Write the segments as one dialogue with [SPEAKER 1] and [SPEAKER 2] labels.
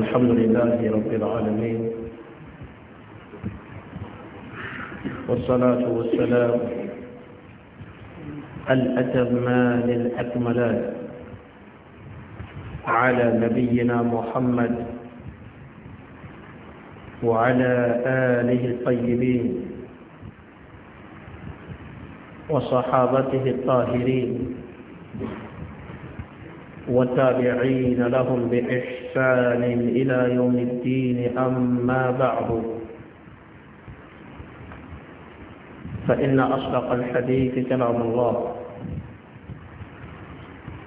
[SPEAKER 1] الحمد لله رب العالمين والصلاة والسلام الأتمان الأكملان على نبينا محمد وعلى آله الطيبين وصحابته الطاهرين والتابعين لهم بإحسان إلى يوم الدين أما بعد فإن أصدق الحديث كلام الله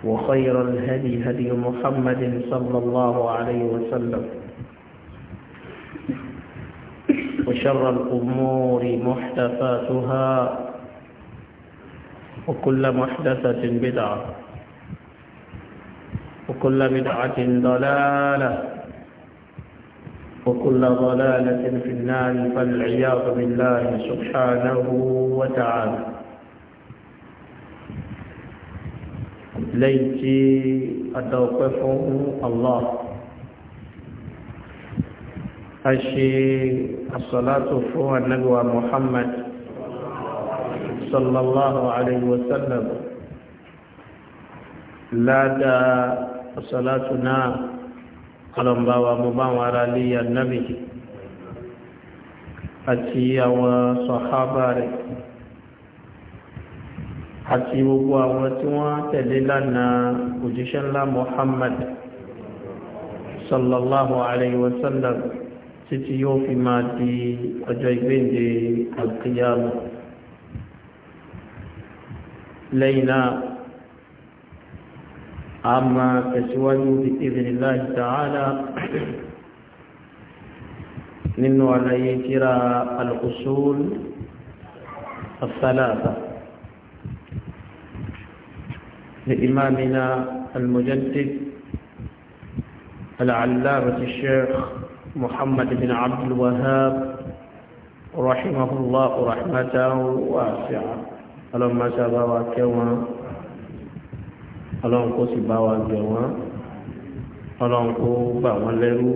[SPEAKER 1] وخير الهدي هدي محمد صلى الله عليه وسلم وشر الأمور محدثاتها وكل محدثة بدعة وكل بدعة ضلالة وكل ضلالة في النار فالعياذ بالله سبحانه وتعالى ليتي أتوقفه الله أشي الصلاة فوق النبوة محمد صلى الله عليه وسلم ládáa ọ̀sọ̀látù náà ọlọ́mbà wa mo bá wọn ara lé ànábì àti àwọn sọ̀hábà rẹ̀ àti gbogbo àwọn tí wọ́n tẹ̀lé lánàá òjíṣẹ́ ńlá Muhammad sallallahu alayhi wa sallam yóò fi máa di ọjọ́ ìgbéǹde àkíyàmù lẹ́yìn náà أما تسوي بإذن الله تعالي من nínú àlàyé الاصول الثلاثة لإمامنا المجدد العلامة الشيخ محمد بن عبد الوهاب رحمه الله رحمته واسعة اللهم سبا وكوان ọlọ́run kó sì bá wa bẹ̀ wọ́n ọlọ́run kó bà wọ́n lẹ́rú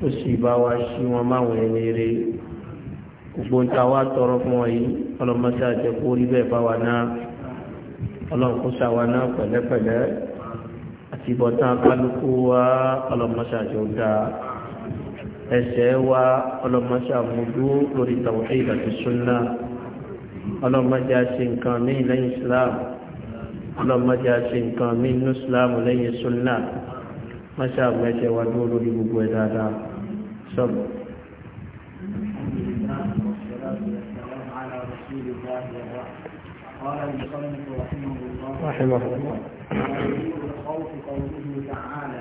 [SPEAKER 1] kó sì bá wa ṣí wọn máwọn ẹni rè gbogbo ń ta wá tọrọ fún wọn yìí ọlọ́mọṣẹ́ àjẹ́ kó rí bẹ́ẹ̀ bá wa náà ọlọ́run kó ṣàwa náà pẹ̀lẹ́pẹ̀lẹ́ àti ìbọ̀tán kálukú wa ọlọ́mọṣẹ́ àjẹ́ ó dáa ẹsẹ̀ wa ọlọ́mọṣẹ́ àmúdú lórí tàwọn ìdàtí súnná ọlọ́mọṣẹ́ àṣẹ nǹkan ní ilẹ̀ Islam ọlọ́mọdé àti nǹkan mí nínú islam lẹ́yìn sunna mọ́ṣá mẹ́ṣẹ́ wa dúró lórí gbogbo ẹ̀ dáadáa sọ́bù.
[SPEAKER 2] قال المصنف رحمه الله رحمه الله الخوف قوله تعالى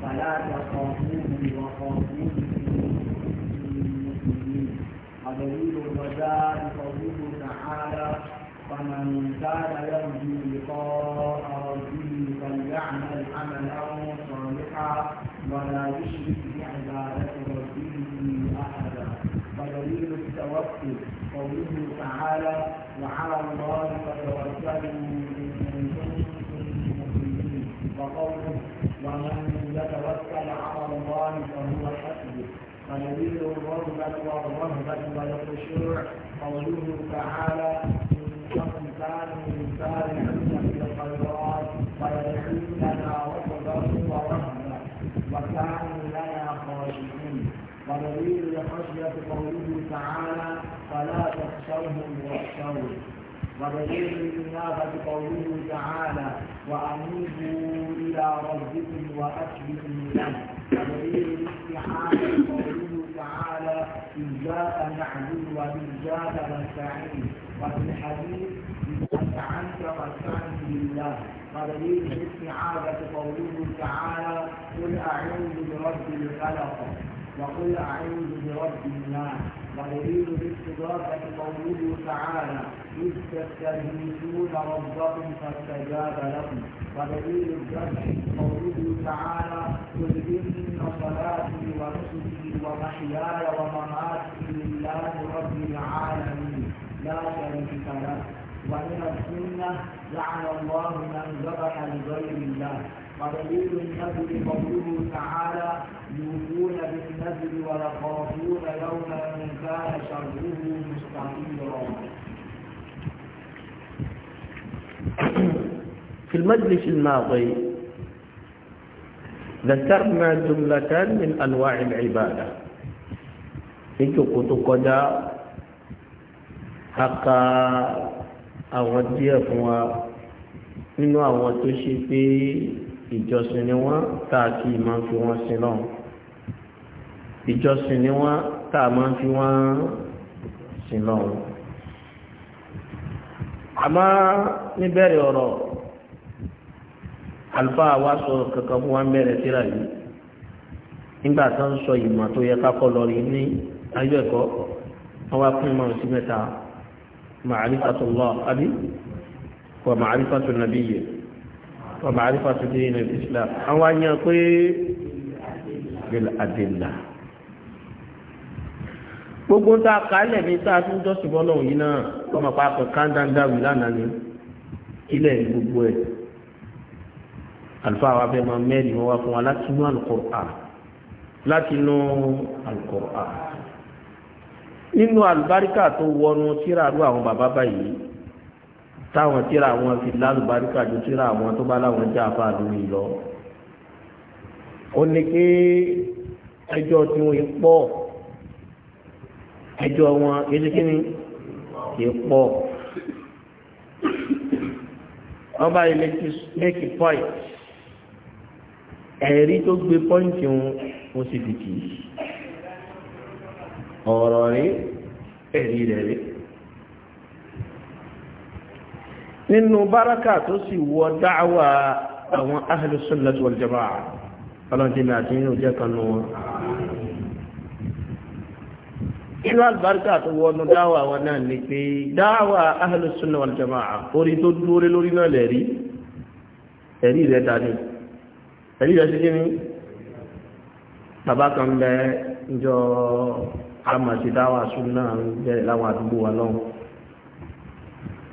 [SPEAKER 2] فلا تخافوهم وخافوهم المسلمين ودليل الرجاء قوله فمن كان يرجو لقاء ربه فليعمل عملا صالحا ولا يشرك بعبادة ربه أحدا ودليل التوكل قوله تعالى وعلى الله فتوكلوا إن كنتم مؤمنين وقوله ومن يتوكل على الله فهو حسبه ودليل الرغبة والرهبة والخشوع قوله تعالى إنهم كانوا يسارعون في الخيرات ويدعوننا رغبا ورهبا وكانوا لنا خاشعين ودليل الخشية قوله تعالى فلا تخشوهم واخشوني ودليل الإنابة قوله تعالى وأنيبوا إلى ربكم وأسلموا له ودليل الاستعانة قوله تعالى إياك نعبد وإياك نستعين وفي الحديث استعنت فاستعن بالله ودليل الاستعاذة قوله تعالى قل أعوذ برب الخلق وقل أعوذ برب الناس ودليل الاستضافة قوله تعالى إذ تستغيثون ربكم فاستجاب لكم ودليل الذبح قوله تعالى قل إن صلاتي ونسكي ومحياي ومماتي لله رب العالمين لا شريك له ومن السنة لعن الله من ذبح لغير الله ودليل النذر قوله تعالى يوفون بالنذر ويخافون يوما كان شره مستقيرا
[SPEAKER 1] في المجلس الماضي ذكرنا جملة من أنواع العبادة في كتب aka àwọn díẹ̀ fún wa nínú àwọn tó ṣe pé ìjọsìn ni wọ́n tá a kì í máa fi wọ́n sin náà ìjọsìn ni wọ́n tá a máa fi wọ́n sin náà. àmọ́ níbẹ̀rẹ̀ ọ̀rọ̀ àlùfáà wa sọ kankan fún wa ń bẹ̀rẹ̀ síra yìí nígbà tó ń sọ ìmọ̀ tó yẹ ká kọ́ lọ rí ní ayé ẹ̀kọ́ wọ́n wá pín ìmọ̀ sí mẹ́ta. معرفة الله أبي ومعرفة النبي ومعرفة دين الإسلام أو أن يطيب بالأدلة gbogbo tá a kálẹ̀ ní tá a tún jọ́sìn bọ́lọ̀ yìí náà ọmọ pàápàá káńdáńdá wì lánàá ni ilẹ̀ gbogbo ẹ̀ àlùfáà wa fẹ́ máa mẹ́rin wọn wá fún wa láti inú Al-Qur'an láti inú Al-Qur'an inú àlùbáríkà tó wọnú tíra rú àwọn bàbá báyìí táwọn tíra wọn fi lálùbáríkà ju tíra wọn tó bá láwọn jẹ́ àfa lórí lọ ó ní pé ẹjọ́ tí wọ́n pọ̀ ẹjọ́ wọn kéde kíni kì í pọ̀ wọ́n bá ilé ti make point ẹ̀rí tó gbé pọ́ǹtì wọn ó sì fi kì í ọ̀rọ̀ rí ẹ̀rí rẹ̀ rí nínú báràkà tó sì wọ dáwà àwọn ahlu sunnah wal jamaa ọlọ́dínlẹ̀ àti inú jẹ́ kanú wọn inú àgbàríkà tó wọnú dáwà wọn náà ni pé dáwà ahlu sunnah wal jamaa orí tó dúró lórí náà lẹ̀rí ẹ̀rí rẹ̀ dání ẹ̀rí rẹ̀ sí kí ni bàbá kan bẹ ń jọ a máa ṣe dáwà súnà ń bẹ̀rẹ̀ láwọn àdúgbò wa lọ́wọ́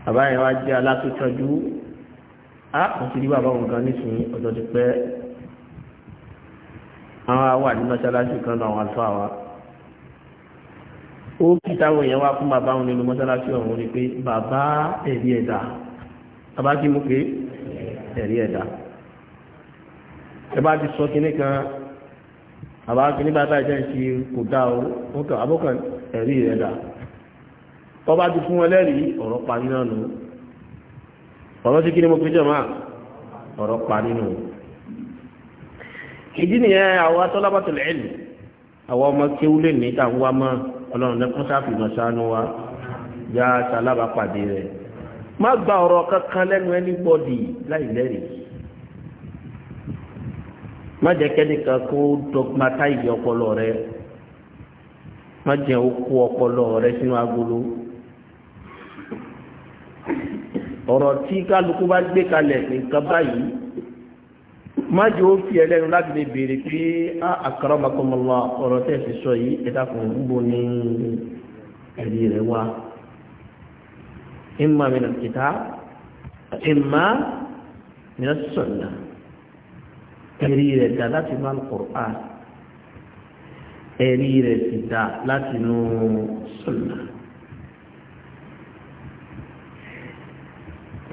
[SPEAKER 1] bàbá yẹn wá jẹ́ a á kò sí rí bàbá òun kan nísìnyí ọjọ́ ti pẹ́ àwọn wà ní mọ́ṣáláṣí kan náà wọn tó àwa ó kí táwọn èèyàn wá fún bàbá òun nínú mọ́ṣáláṣí ọ̀hún ni pé bàbá ẹ̀rí ẹ̀dá bàbá kí mú pé ẹ̀rí ẹ̀dá ẹ bá ti sọ kinní kan àbá kìíní bàbá ìjẹ́ ń ṣe kò dá o wọ́n kàn abọ́kàn ẹ̀rí rẹ̀ dá tọ́ba ti fún ẹlẹ́rìí ọ̀rọ̀ parí náà nù ọ̀rọ̀ sí kí ni mo fi jẹ́ máa ọ̀rọ̀ parí nù ìdí nìyẹn àwọn atọ́lábàtọ̀lẹ̀ ẹ̀lì àwọn ọmọ kéwúlé ní ìtàwọn wa máa ọlọ́run lẹ́kún sáfì mọ̀ sánú wa já sálábàpàdé rẹ̀ má gba ọ̀rọ̀ kankan lẹ́nu ẹni bọ́dì láì lẹ́rìí má jẹ́ kẹ́nìkan kó dogmatize ọpọlọ rẹ má jẹ́ ó kó ọpọlọ rẹ sínú agolo ọ̀rọ̀ tí kálukú bá gbé kalẹ̀ nǹkan báyìí má jẹ́ ó fi ẹlẹ́nu láti lè béèrè pé akramakumullah ọ̀rọ̀ tẹ̀ sí sọ yìí ẹ̀dá kan ń bò ní ẹ̀rí rẹ̀ wá imma min al-kitab imma min as-sunnah ẹ̀rí rẹ̀ dá láti inú al-Qur'an ẹ̀rí rẹ̀ sì dá láti inú Sunnah.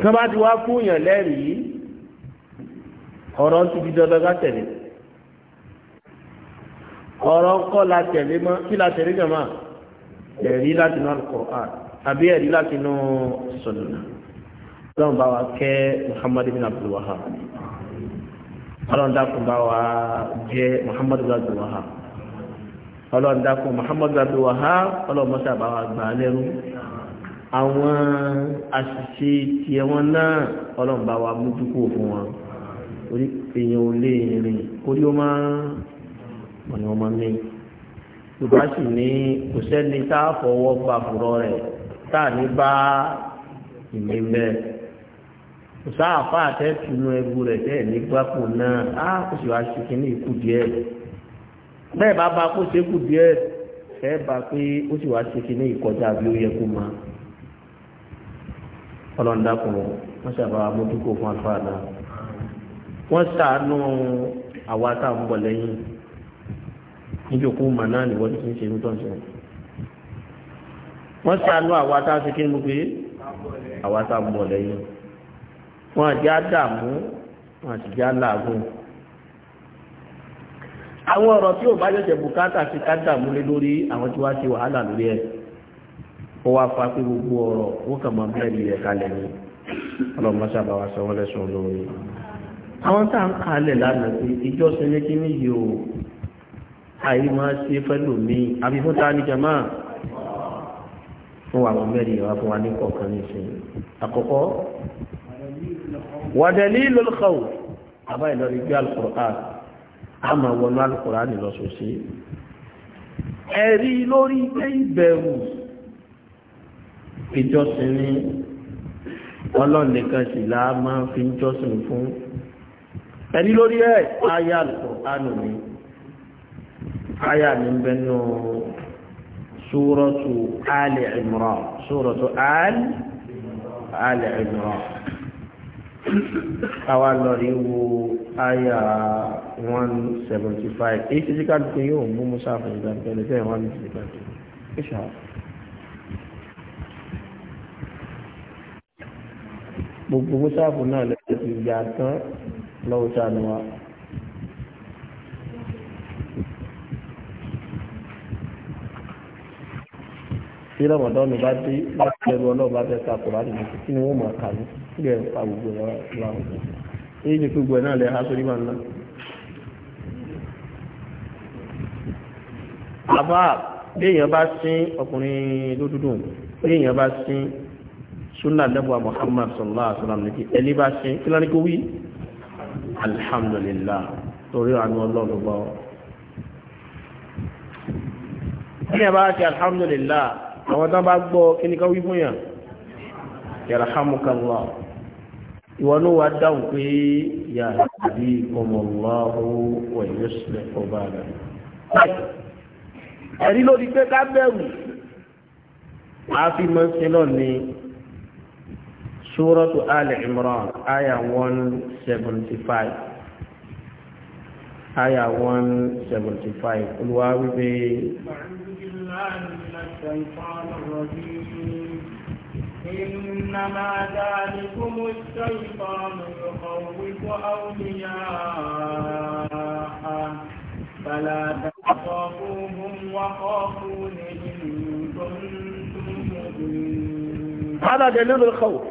[SPEAKER 1] tó bá ti wá fún èèyàn lẹ́rìí ọ̀rọ̀ ti di dandan ká tẹ̀lé ọ̀rọ̀ kọ́ la tẹ̀lé mọ́ kí la tẹ̀lé jọ̀mọ́ ẹ̀rí láti inú al àbí ẹ̀rí láti inú Sunnah. lọ́nà bá wa kẹ́ Muhammad bin Abdul Wahhab ọlọ́ndàkùn bá wa jẹ́ Muhammadu Abdul Wahab ọlọ́ndàkùn Muhammadu Abdul Wahab ọlọ́mọ́sá bá wa gbà lẹ́rú àwọn àṣìṣe tí ẹwọ́n náà ọlọ́mbà wa mójúkú fún wọn orí èèyàn ò lè rìn orí ó máa mọ̀ ní ọmọ mi yorùbá sì ní kò sẹ́ni tá a fọwọ́ gbà fúrọ́ rẹ̀ tá a ní bá ìmẹ̀ bẹ́ẹ̀ sáàfà àtẹ́tùnú ẹgbù rẹ̀ tẹ́ ní gbápò náà á kò sì wá ṣe kínní ikú díẹ̀ bẹ́ẹ̀ bá bá kó ṣe kú díẹ̀ ẹ bá pé ó sì wá ṣe kínní ìkọjá bí ó yẹ kó máa ọlọ́ndàkùn wọ́n ṣàbá mójúkó fún àlùfáà wọ́n ṣàánú àwa tá à ń bọ̀ lẹ́yìn níjòkó mà náà nìwọ́n ti ṣe ní tọ́jú wọ́n ṣàánú àwa tá a ṣe kí ni pé àwa tá à ń bọ̀ lẹ́yìn wọn àti àdàmú wọn àti jẹ́ àlàágùn àwọn ọ̀rọ̀ tí ò bá jẹ́jẹ́ bùkátà sí ká dàmú lé lórí àwọn tí wá sí wàhálà lórí ẹ̀ ó wá fa pé gbogbo ọ̀rọ̀ wọ́n kàn máa bẹ́ẹ̀ lè kalẹ̀ ni ọlọ́mọ sábà wá sọ wọ́n lẹ́sùn lórí àwọn tá à ń kalẹ̀ lánàá pé ìjọsìn ní kíní yìí o àyè máa ṣe fẹ́lò mí àbí fún ta ní jama fún ní kọ̀ọ̀kan àkọ́kọ́ wa dalilul khawf àbá ìlọrin gbé alukur'an a máa wọnú alukur'an lọ́sọ̀ọ́sì ẹ̀rí lórí ilé ìbẹ̀rù ìjọsìn ni ọlọ́run nìkan sì là á máa fi ń jọ́sìn fún ẹ̀rí lórí ẹ̀ ayà alukur'an ni ayà ní bẹ́ẹ̀ nù súrọ̀tù Al Imran súrọ̀tù Al Imran àwa lọ rí wo àyà one seventy five èyí ti díkà dúpọ̀ yóò mú musa àfẹnudà pẹ̀lú bẹ́ẹ̀ wọ́n ní ti díkà dúpọ̀. gbogbo musafu náà lẹ́yìn tí ìyá tán lọ́wọ́ sànù wa. tí rọmọdọ́nù bá dé láti ẹrù ọlọ́ọ̀bá fẹ́ ta kùránì ní kí ni wọ́n máa kà ní ilé ẹ̀fà gbogbo ẹ̀ wà ọ̀dọ̀ èyí ni gbogbo ẹ̀ náà lè ha sórí wọn náà. àbá béèyàn bá sín ọkùnrin lódúdú béèyàn bá sín sunna lẹ́bùà Muhammad sallallahu alaihi wa sallam nìkí ẹni bá sín kí lóni kó wí alhamdulillah torí àánú ọlọ́run bá wọn. ẹni bá ti alhamdulillah àwọn tó bá gbọ́ kí ni ká wí fún yàn yarhamukallah ìwọ ní wàá dáhùn pé ìyá àbí
[SPEAKER 3] ọmọláwó
[SPEAKER 1] wẹ̀yẹ sílẹ̀ ọba rẹ̀. ẹ̀rí lórí pé ká bẹ̀rù àfi máa ń ṣe náà ní Suratu Ali Imran aya one seventy five aya one
[SPEAKER 2] إنما ذلكم الشيطان يخوف أولياءه فلا تخافوهم وخافون إن كنتم مؤمنين
[SPEAKER 1] هذا دليل الخوف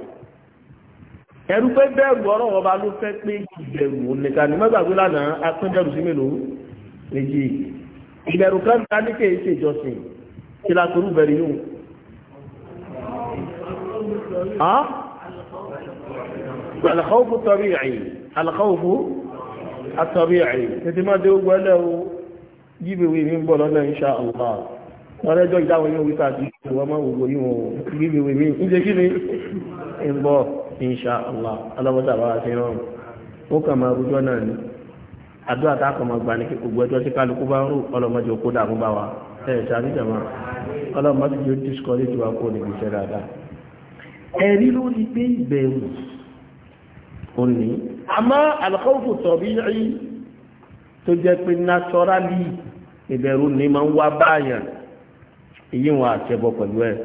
[SPEAKER 1] ẹ̀rù pé bẹ̀rù ọ̀rọ̀ ọba ló fẹ́ pé ìbẹ̀rù nìkan ní mẹ́gbàgbé lánàá apẹ́bẹ̀rù sí mélòó méjì ìbẹ̀rù kan ta ní kéèké ìjọsìn kí la bẹ̀rù yóò alkhawfu tabi'i alkhawfu at-tabi'i tètè máa dé ogun ẹlẹ́ o jíbèwé mi ń bọ̀ lọ́nà insha Allah wọ́n rẹ́jọ́ ìdáwọn yóò wípé àti ìṣòro ọmọ ògbò yìí wọn jíbèwé mi ń jẹ́ kí ni ń bọ̀ insha Allah alábọ́sà bá wa ti rọrùn ó kàn máa rújọ́ náà ni àdó àtàkọ̀mọ̀ gbani kí gbogbo ẹjọ́ sí kálukú bá ń rò ọlọ́mọdé òkú dààmú bá wa ẹ̀ ṣàbíjàmá ọlọ́mọdé yóò discourage wa kó níbi iṣẹ́ dáadáa ẹ̀rí lórí pé ìbẹ̀rù òní àmọ́ àlùkọ́fù tọ̀bí rí tó jẹ́ pé naturally ìbẹ̀rù ni máa ń wá báyàn èyí wọn àṣẹbọ pẹ̀lú ẹ̀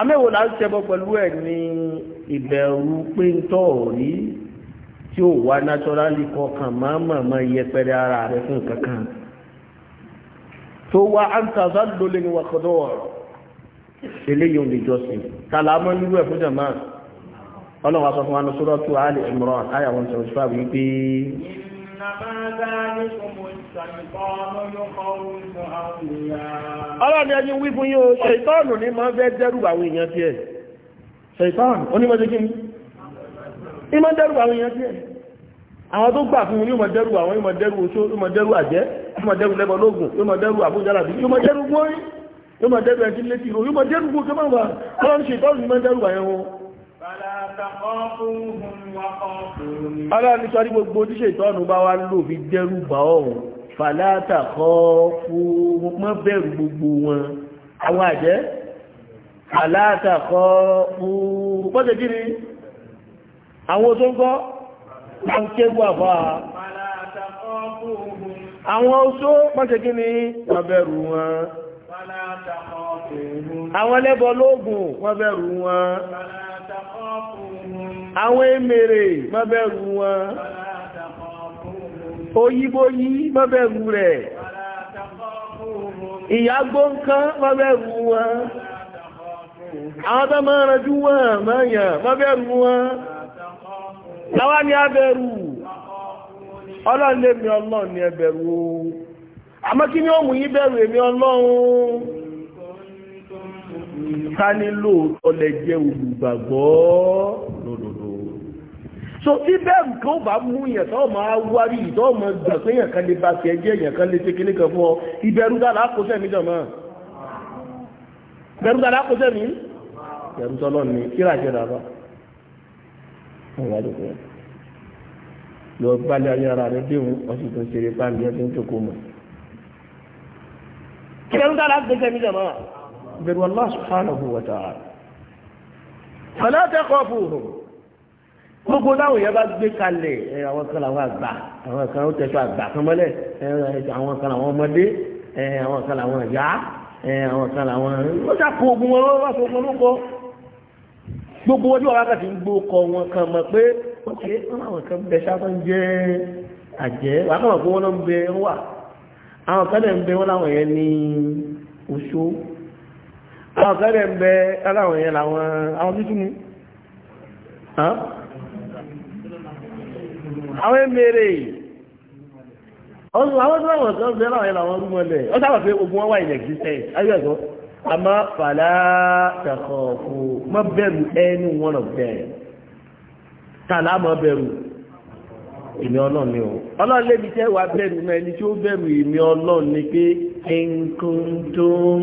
[SPEAKER 1] àmẹ́wò là ń ṣẹbọ pẹ̀lú ẹ̀ ní ìbẹ̀rù pé ń tọ̀ rí tí ó wá naturally kọkàn máa mọ̀mọ́ yẹpẹrẹ ara rẹ̀ fún kankan tó wá àǹtàzá lólè ní wàkọ́dọ̀ ọ̀rọ̀ eléyìí ò lè jọsìn kàlámọ́ nílùú ẹ̀fún jàmá ọlọ́run aṣọ fún wa ní sọ́rọ́tù Ali Imran àyà wọn sọ̀rọ̀ sípà wípé. ọlọ́run ẹni wí fún yóò ṣètọ́ọ̀nù ní máa fẹ́ dẹ́rù àwọn èèyàn tiẹ̀ ṣètọ́ọ̀nù onímọ̀tí kí ni ìmọ̀ dẹ́rù àwọn èèyàn tiẹ̀ àwọn tó gbà fún yóò mọ̀ dẹ́rù àwọn yóò mọ̀ dẹ́rù oṣó yóò mọ̀ dẹ́rù àjẹ́ yóò mọ̀ dẹ́rù lẹ́bọ̀ lóògùn yóò mọ̀ dẹ́rù àbújá yóò máa dẹ́rù ẹ̀dí létí ìrò yóò máa dẹ́rù gbogbo kẹ́mọ́ wà ọlọ́run ṣe ìtọ́rù ní máa dẹ́rù àyẹ̀ wọn aláà ní sọ́rí gbogbo oníṣẹ́ ìtọ́nù bá wá lò fi dẹ́rù bà ọ̀hún fàlátà kọ́ fún àwọn àjẹ́ fàlátà kọ́
[SPEAKER 2] kí ni wọ́n bẹ̀rù wọn àwọn
[SPEAKER 1] ẹlẹ́bọ lóògùn wọ́n bẹ̀rù wọn àwọn emèrè wọ́n bẹ̀rù wọn oyíbóyí wọ́n bẹ̀rù rẹ̀
[SPEAKER 3] ìyàgbó nǹkan
[SPEAKER 1] wọ́n bẹ̀rù wọn àwọn tó máa rẹjú wọn mọ́yàn wọ́n bẹ̀rù wọn láwá ní àmọ́ kí ni ó mú yín bẹ̀rù èmi ọlọ́run ká ní lóòótọ́ jẹ́ olùgbàgbọ́ lòdòdò so tí bẹ̀rù kan bá mú yẹn tó máa wárí ìtọ́ ọmọ gbà pé yẹn kan lè ba tiẹ̀ jẹ́ yẹn kan lè ṣe kíní kan fún ọ ìbẹ̀rù dára kó sẹ́mi jọ̀mọ́ bẹ̀rù dára kó sẹ́mi bẹ̀rù tọ́lọ́ ni kíra jẹ́ dàbà lọ gbálẹ̀ ayára rẹ̀ déhùn ọ̀sìn tó ṣeré pàmì ọdún tó kó mọ̀ ìbẹ̀rù dára gbẹ̀gbẹ̀ mi jẹ̀mọ́ ìbẹ̀rù Allah subhanahu wa ta'ala fala takhafuhum gbogbo láwọn yẹn bá gbé kalẹ̀ ẹ àwọn kan làwọn àgbà àwọn kan ó tẹ̀sọ́ àgbà kan mọ́lẹ̀ ẹ àwọn kan làwọn ọmọdé ẹ àwọn kan làwọn ìyá ẹ àwọn kan làwọn ó sàkó ogun wọn wọ́n sọ ogun lóko gbogbo wọn bí wọn wákàtí ń gbó kọ wọn kan mọ̀ pé ó ṣe é wọn àwọn kan bẹ sáfẹ́ ń jẹ́ àjẹ́ wàá kàn mọ̀ pé wọn ló ń bẹ wà àwọn kẹ́lẹ̀ ń bẹ wọ́n láwọn yẹn ní oṣó àwọn kẹ́lẹ̀ ń bẹ aláwọn yẹn láwọn àwọn títún ní àwọn mẹ́rẹ̀ àwọn tó láwọn kan bẹ láwọn yẹn láwọn rúmọlẹ̀ ó sábà pé ogun wọn wà ilẹ̀ gíṣẹ́ ayúgbàgbọ́ àmá fàlá tàkọ̀ọ̀kọ̀ mọ́ bẹ̀rù ẹni wọn ọ̀bẹ̀ tàlá mọ́ bẹ̀rù ìmì ọlọ́ ni ọlọ́rùn ọlọ́run lébi tẹ́ wà bẹ̀rù náà ẹni tí ó bẹ̀rù ìmì ọlọ́run ni pé nǹkan tó ń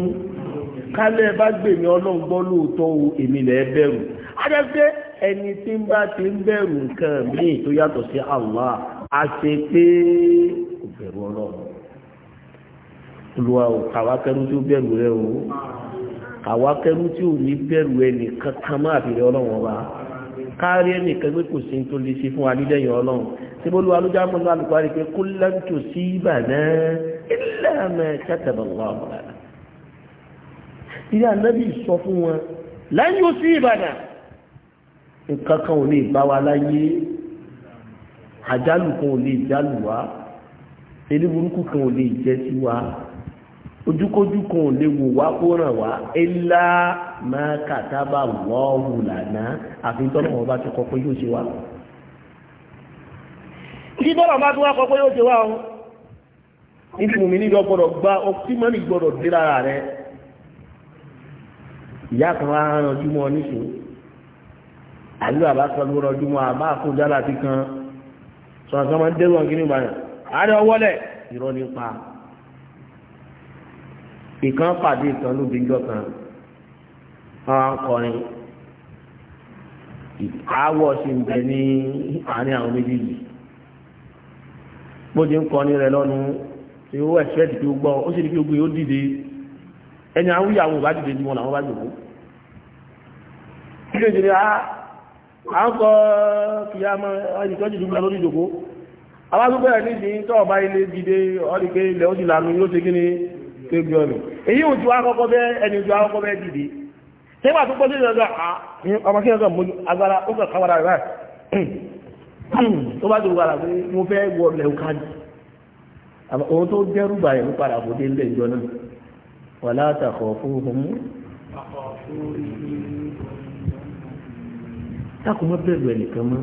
[SPEAKER 1] kálẹ̀ bá gbèmí gbọ́ lóòótọ́ o èmi bẹ̀rù adẹ́gbẹ́ ẹni tí ń bá ti ń bẹ̀rù nǹkan tó yàtọ̀ sí Allah a ṣe pé kò bẹ̀rù olùwà ò tí ó bẹ̀rù o tí ò ní bẹ̀rù ẹnì kankan kárí ẹnìkan pé kò sí tó lè ṣe fún wa nílẹ̀yìn ọlọ́run tí bó lu alújá mọ́ náà lùkọ́ rí pé kó lẹ́ńtò sí ìbà náà ìlànà kẹtàbọ̀ lọ́wọ́ ilé ànábì sọ fún wọn láyé sí ìbàdàn nǹkan kan ò lè bá wa láyé àjálù kan ò lè jálù wa elébùrúkú kan ò lè jẹ́ sí wa ojúkójú kan ò lè wò wá kó ràn wá ilá máa kàtàbà wọ́ọ̀hù lànà àfi tọ́lọ̀ wọn bá ti kọ pé yóò ṣe wá. kí tọ́lọ̀ bá tún wá kọ pé yóò ṣe wá o níbi mùmí níbi ọgbọ́dọ̀ gba ọtí mọ́nì gbọ́dọ̀ dé lára rẹ ìyá kan wá ránjú mọ́ níṣòro àlú àbá kan ló ránjú mọ́ àbá àkójá láti kan sọ̀rọ̀ kan máa ń dẹ́rù ọ̀gínní báyọ̀ àárẹ̀ ọwọ́lẹ̀ ìrọ́ nípa ìkan pàdé ìkan ló bíjọ kan wọn kọrin àwọ̀ sì ń bẹ ní àárín àwọn méjèèjì bó ti ń kọrin rẹ lọ́nu tí ó ẹ̀ṣẹ́ẹ̀tì kí ó gbọ́ ó sì ní kí ó gbé ó dìde ẹni àwọn ìyàwó bá dìde ju wọn làwọn bá jòkó kí ló ti rí a à ń kọ kìyàmọ ẹnìkan jìdú gbà lórí ìjòkó àwọn àtúbẹ̀rẹ̀ nídìí tọ́ ọ̀bá ilé dìde ọ̀rí pé ilẹ̀ ó ti lànà yóò ṣe kí ni tó gbé ọ̀nà èyí ò ju akọ́kọ́ bẹ́ ẹni ju akọ́kọ́ bẹ́ dìde nígbà tó gbọ́dọ̀ ìrìnàjò ọmọ kí nǹkan mú agbára ó kàn káwara rẹ̀ tó bá dùn wàrà pé mo fẹ́ wọ lẹ́wù káàdì òun tó dẹ́rù bàyẹ̀ ló padà bò dé ilé ìjọ náà wà látàkọ̀ fún un mú. táàkù mọ́ bẹ̀rù ẹ̀ nìkan mọ́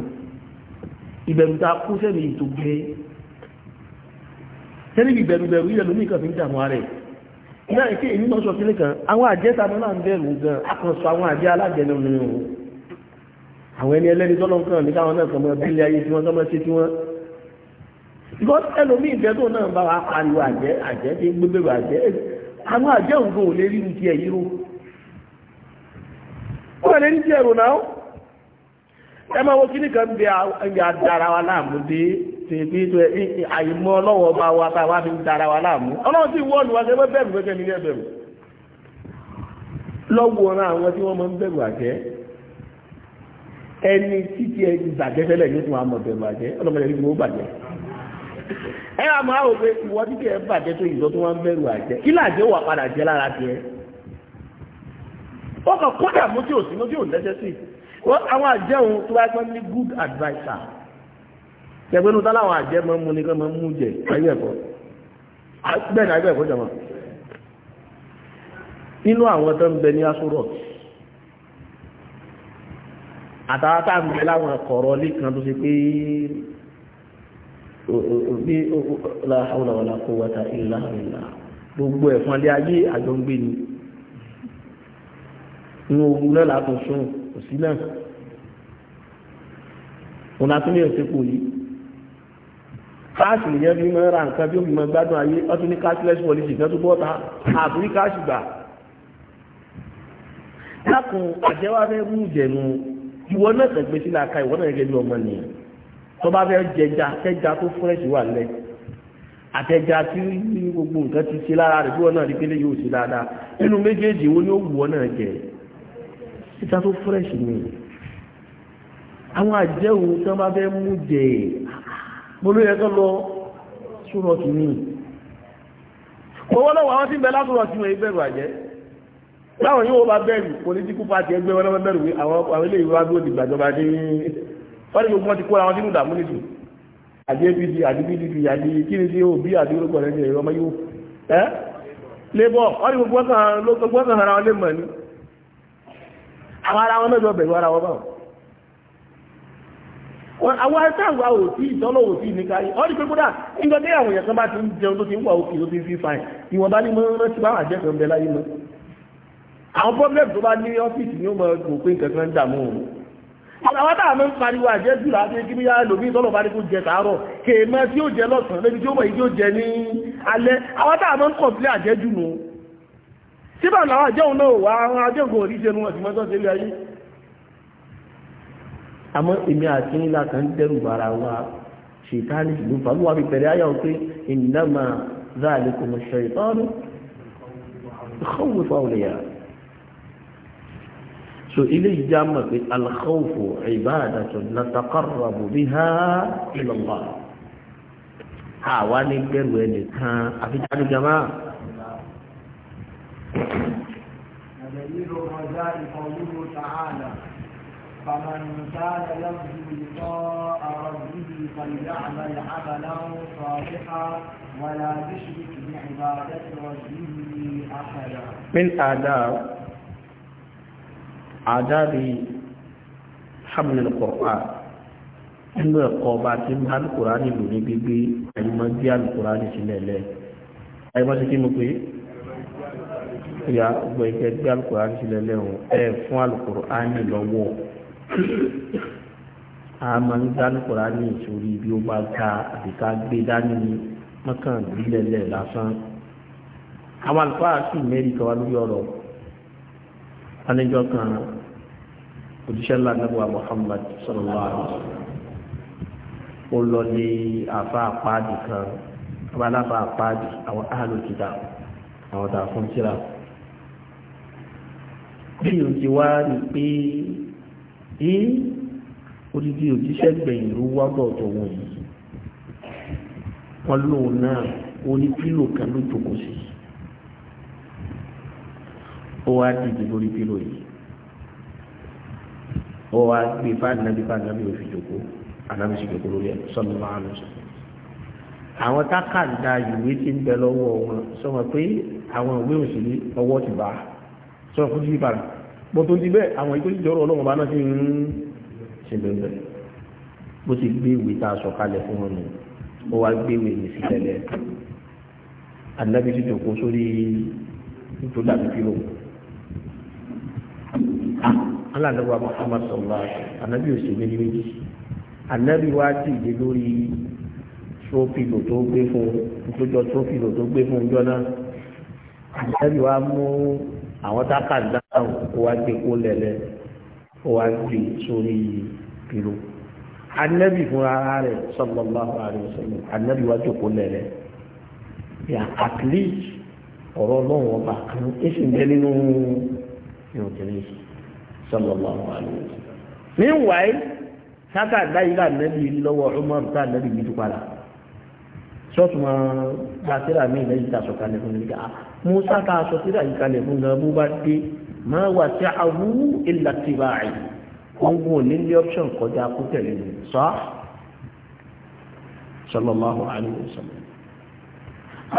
[SPEAKER 1] ìbẹ̀rù ta kú sẹ́ni ìtògbé sẹ́ni ìbẹ̀rù bẹ̀rù ilẹ̀ lómi kan fi ń dààmú ara ẹ̀ náà kí èyí náà sọ sílé kan àwọn àjẹta náà ń bẹ̀rù gan akọ̀sọ àwọn àjẹ alájẹnu nínú àwọn ẹni ẹlẹ́ni tọ́lọ́ kan ní káwọn náà kàn mọ́ bílẹ̀ ayé tí wọ́n tọ́ mọ́ sí tí wọ́n. because ẹlòmíì ìjẹ́ tó náà bá wa pariwo àjẹ́ àjẹ́ tí gbégbé àjẹ́ àwọn àjẹ́ òǹgbò ò lè rí ti ẹ̀ yíró. wọ́n lè rí ti ẹ̀rù náà ẹ máa wo kíní i àdára wa láàmú dé tèmi tó àìmọ́ ọlọ́wọ́ bá wa tá a wá fi ń dara wa láàmú ọlọ́run sì wọ́ọ̀lù wa sẹ́gbẹ́ bẹ̀rù gẹ́gẹ́ ní ẹ̀bẹ̀rù lọ́wọ́ ra àwọn tí wọ́n máa ń bẹ̀rù àjẹ́ ẹni títí ẹni bàjẹ́fẹ́lẹ̀ ní fún àmọ̀ bẹ̀rù àjẹ́ ọlọ́mọdé ní gbogbo bàjẹ́ ẹ wà máa wò pé ìwọ títí ẹ bàjẹ́ tó ìjọ tó wọ́n ń bẹ̀rù àjẹ́ kí làjẹ́ wà padà jẹ́ lára tiẹ̀ ọkọ̀ kódà mú tí ò sí mú tí ò lẹ́sẹ̀ sí àwọn àjẹun tó bá gbọ́n ní good adviser tẹgbẹ́nu táláwọn àjẹ́ máa mú ní kọ́ máa mú jẹ ayé ẹ̀kọ́ bẹ́ẹ̀ ni ayé ẹ̀kọ́ jọ máa nínú àwọn tó ń bẹ ní asúrọ̀ àtàwọn tá à ń bẹ láwọn kọ̀ọ̀rọ̀ lé kan tó ṣe pé bí la hawla wala quwwata illa billah gbogbo ẹ̀fọn lé ayé àjọ ń gbé ni inú ogun náà látún sún òsì òun látún lè ṣe kò yìí káàsì nìyẹn bí mọ́ ra nǹkan bí ó mọ́ gbádùn ayé ọtún ní cashless policy kan tó bọ́ta àbúrí káàsì gbà lákùn àjẹwà fẹ́ mú jẹ̀nu ìwọ náà tẹ̀gbé sílẹ̀ aka ìwọ náà gẹ́gẹ́ bí ọmọ nìyẹn tó bá fẹ́ jẹja kẹja tó fresh wà lẹ́ àtẹja tí gbogbo nǹkan ti ṣe lára rẹ̀ bí wọn náà rí pélé yóò ṣe dáadáa nínú méjèèjì wo ni ó wù ọ náà jẹ títa tó fresh ni àwọn àjẹwò tí wọn bá fẹ́ mú jẹ mo ló yẹ kọ́ lọ súnrọ̀ sí ní ìwọ́lọ́wọ́ àwọn tí ń bẹ lásùnrọ̀ sí wọn ìbẹ̀rù àjẹ́ láwọn yóò bá bẹ̀rù political party ẹgbẹ́ wọn lọ́wọ́ bẹ̀rù àwọn ilé ìwà bí ó ti gbàjọba ní wọ́n ní gbogbo ti kó àwọn sínú ìdààmú nìtù àti apc àti pdp àti kíni tí ó bí àti orúkọ rẹ̀ ẹ̀rọ ọmọ yóò ẹ́ labour wọ́n gbogbo àwọn àtàwà òtí ìtọ́lọ̀ òtí ní káyí ọ́ ní pé kódà nígbàtí àwọn èèyàn kan bá ti ń jẹun tó ti ń wà òkè tó ti ń fi fàìn ìwọ̀n bá ní mọ́ rántí bá wà jẹ́kọ̀ọ́ bẹ láyé mọ́ àwọn problem tó bá ní ọ́fíìsì ni ó mọ òpin pé nǹkan kan ń dààmú òun àwọn táà mọ́ ń pariwo àjẹ́ jù láti kí bí yára lòmí ìtọ́lọ̀ bá ní kó jẹ tàárọ̀ kèémọ́ tí ó jẹ lọ́sàn-án lébi tí ó mọ̀ yìí tí ó jẹ ní alẹ́ àwọn táà mọ́ ń kọ̀ọ̀pìlẹ̀ àjẹ́ jù nù síbà làwọn àjẹ́ òun náà wà àmọ́ èmi àti ńlá kan dẹ́rù bàrà wa ṣètánì ìlú fàlú wa fi pẹ̀lẹ́ ayọ̀ pé ìnáma záàlékùn ṣẹ̀tọ́nù ìkọ́wùfà òlẹ̀yà so ilé ìjà mọ̀ pé alkhawfu ìbáàdàtò nataqarrabu biha ila Allah
[SPEAKER 2] فمن كان يرجو لقاء ربه فليعمل عملا صالحا ولا يشرك بعبادة ربه أحدا
[SPEAKER 1] من آداب آداب حمل القرآن nínú ẹ̀kọ́ ọba tí ń bá alukurani lò ní gbígbé àyùmọ̀ bí alukurani sílẹ̀ lẹ̀ àyùmọ̀ sí kí mo pé ìyá gbẹ̀gbẹ̀ bí alukurani sílẹ̀ lẹ̀ ẹ̀ fún alukurani lọ́wọ́ a máa ń dánú kura ní ìsorí bí ó bá ga àbí ká gbé dání ní mọ́kàndínlẹ́lẹ̀ lásán àwọn àlùfáà sì mẹ́rin kan wá lórí ọ̀rọ̀ aníjọ́ kan òjíṣẹ́ ńlá nàbọ̀ Muhammad sallallahu alaihi wasallam ó lọ lé àfa àpáàdì kan abaláfa àpáàdì àwọn àlòkìtà àwọn tààfún tíra bí o ti wá ní pé ee odidi òjíṣẹ́ gbẹ̀yìn ló wá bọ̀ tó wọn yìí wọn lóun náà oní pílò kan ló jókòó sí ó wá dìde lórí pílò yìí ó wá gbé fáànàbí fáànàbí òfin jókòó ànábi sì jókòó lórí ẹ sọmi máa lọ sọ àwọn tákàndá ìwé tí ń bẹ lọ́wọ́ wọn sọ ma pé àwọn ìwé òṣèlú ọwọ́ ti bá sọ fún bíbára bọ́tò ti bẹ́ẹ̀ àwọn ètò ìjọrọ̀ ọlọ́run bá náà ti ń ṣe bẹ̀rẹ̀ bó ti gbé ìwé tá a sọ kalẹ̀ fún wọn nù ó wá gbé ìwé yìí sí tẹ́lẹ̀ ànábi ti jòkó sórí ètò dàbí fílò ah, aládàgbà Muhammad sọlá ànábi ò sì ní méjì ànábi wá dìde lórí trófìlò tó gbé fún ìtòjọ trófìlò tó gbé fún ìjọ náà ànábi wá mú àwọn tákàdá ó wá gbé kó lẹ̀lẹ̀ ó wá gbé sórí pìlò anabi fúnra rẹ̀ sallallahu alaihi wasallam anabi wá jókòó lẹ̀lẹ̀ yà at least ọ̀rọ̀ lọ́wọ́ ọba kan ó sì ń bẹ nínú ìrùn tẹ̀lé sallallahu alaihi wasallam. níwáyé sábà dáyìí lànà bí lọ́wọ́ ọmọ ọ̀tá ànàbì yìí tó sọ́ọ̀tù máa gba tíra mi lẹ́yìn tá a sọ kalẹ̀ fún nígbà musa tá a sọ tíra yìí kalẹ̀ fún gan bó bá dé máa wà sí awú ilà tí bá a yìí ogun ò ní ní kọjá kó tẹ̀lé mi sọ sallallahu alaihi wasallam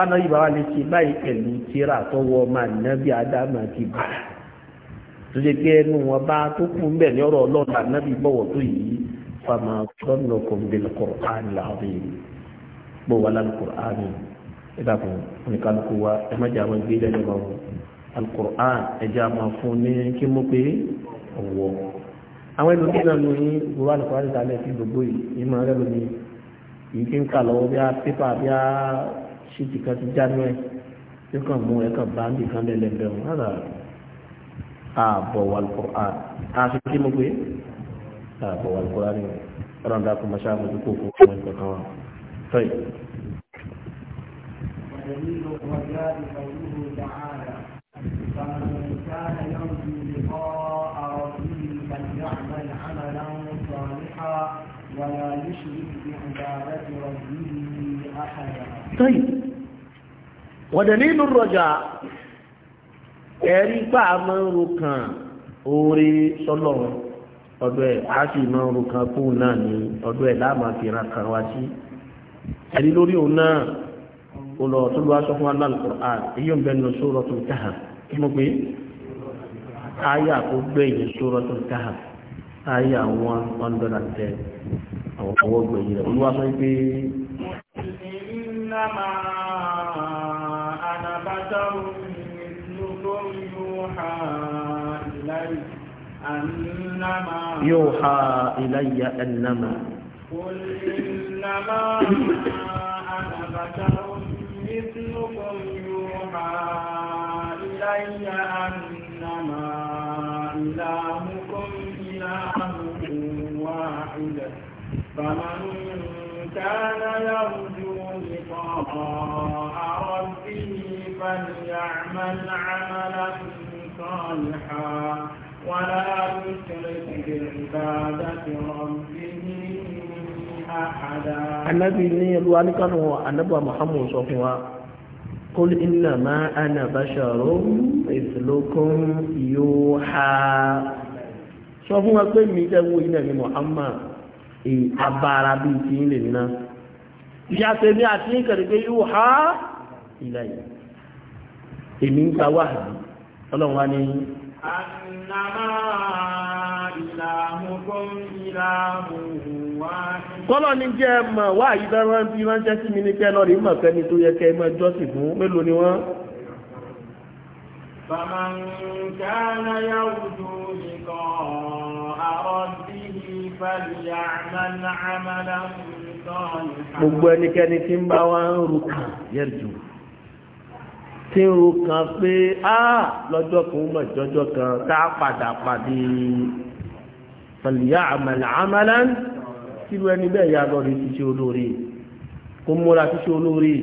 [SPEAKER 1] ana yìí bàbá lè ti báyìí pẹ̀lú tíra tọwọ́ máa nábì ádámà ti bà tó ṣe pé ẹnu wọn bá tó kú ń ní ọ̀rọ̀ ọlọ́run ànábì bọ̀wọ̀ tó yìí fama tọ́nà kò bó wà lálùkùránì ìdàkùn oníkálukú wa ẹ má jà wọn gbé lẹ́nu ma wọn alùkùrán ẹja máa fún ní kí mú pé ọ̀wọ́ àwọn ẹlòmíín náà ló ní ìwúrọ̀ alùkùrán ìdálẹ́ sí gbogbo yìí ìmọ̀ rẹ lómi yìí kí n kà lọ́wọ́ bí a pépà bí a ṣíìtì kan ti já nú ẹ̀ yóò kàn mú ẹ̀ kàn bá ń bì kan lẹ́lẹ́bẹ̀ẹ́ wọn rárá ààbọ̀ wà lùkùrán àfi kí mú pé ààbọ̀ wà lùkùrán ni ọ̀rọ̀ àdàkùn mọ́ṣáà mọ́tò kò fún ọmọ ìkọ̀kan wa. طيب ودليل
[SPEAKER 2] الرجاء قوله تعالى فمن كان يرجو لقاء ربه فليعمل عملا صالحا ولا يشرك بعبادة ربه أحدا طيب
[SPEAKER 1] ودليل الرجاء ẹ̀rí pa orí sọ́lọ̀ ẹ̀ á sì náà ní ẹ̀ láàmà kan wá sí ẹ̀rí lórí òun náà olọ̀ tó lọ́wọ́ sọ fún al-Qur'an èyí ń bẹ nínú Suratul Kahf kí mo pé ayé àkógbé yìí Suratul Kahf ayé àwọn one hundred and ten àwọn ọwọ́ gbẹ̀yìn rẹ̀ olúwa sọ pé. يوحى إلي أنما
[SPEAKER 2] قل إنما أنا بشر مثلكم يوحى إلي أنما إلهكم إله واحد فمن كان يرجو لقاء ربه فليعمل عملا صالحا ولا يشرك بعبادة ربه anábì ní ẹlú alikanu
[SPEAKER 1] anábà muhammad sọ fún wa kul inna ma ana basharun mithlukum yuha sọ fún wa pé mi jẹ́ wo ilẹ̀ mi muhammad abara bíi ti ń lè nínà ìyàtẹ̀ ní àti ìkẹ̀rẹ̀gbẹ̀ yóò ha ilẹ̀ yìí èmi ń ta wáhà ọlọ́run wá ní
[SPEAKER 2] annama ilahukum ilahun
[SPEAKER 1] kọ́lọ̀ ní jẹ́ mọ̀ wá àyíká rántí ránṣẹ́ sí mi ní pẹ́ lọ́rí mọ̀ fẹ́ni tó yẹ kẹ́ ẹ máa jọ́sìn fún mélòó ni wọ́n.
[SPEAKER 2] فمن كان يرجو لقاء ربه فليعمل عملا صالحا gbogbo
[SPEAKER 1] ẹnikẹ́ni tí ń bá wá ń rúkà yẹ́rìjù tí ń rúkà pé á lọ́jọ́ kan mọ̀ jọjọ́ kan tá a padà pàdé فليعمل عملا kíru ẹni bẹ́ẹ̀ yá lọ́rí ṣíṣe olóore kó múra ṣíṣe olóore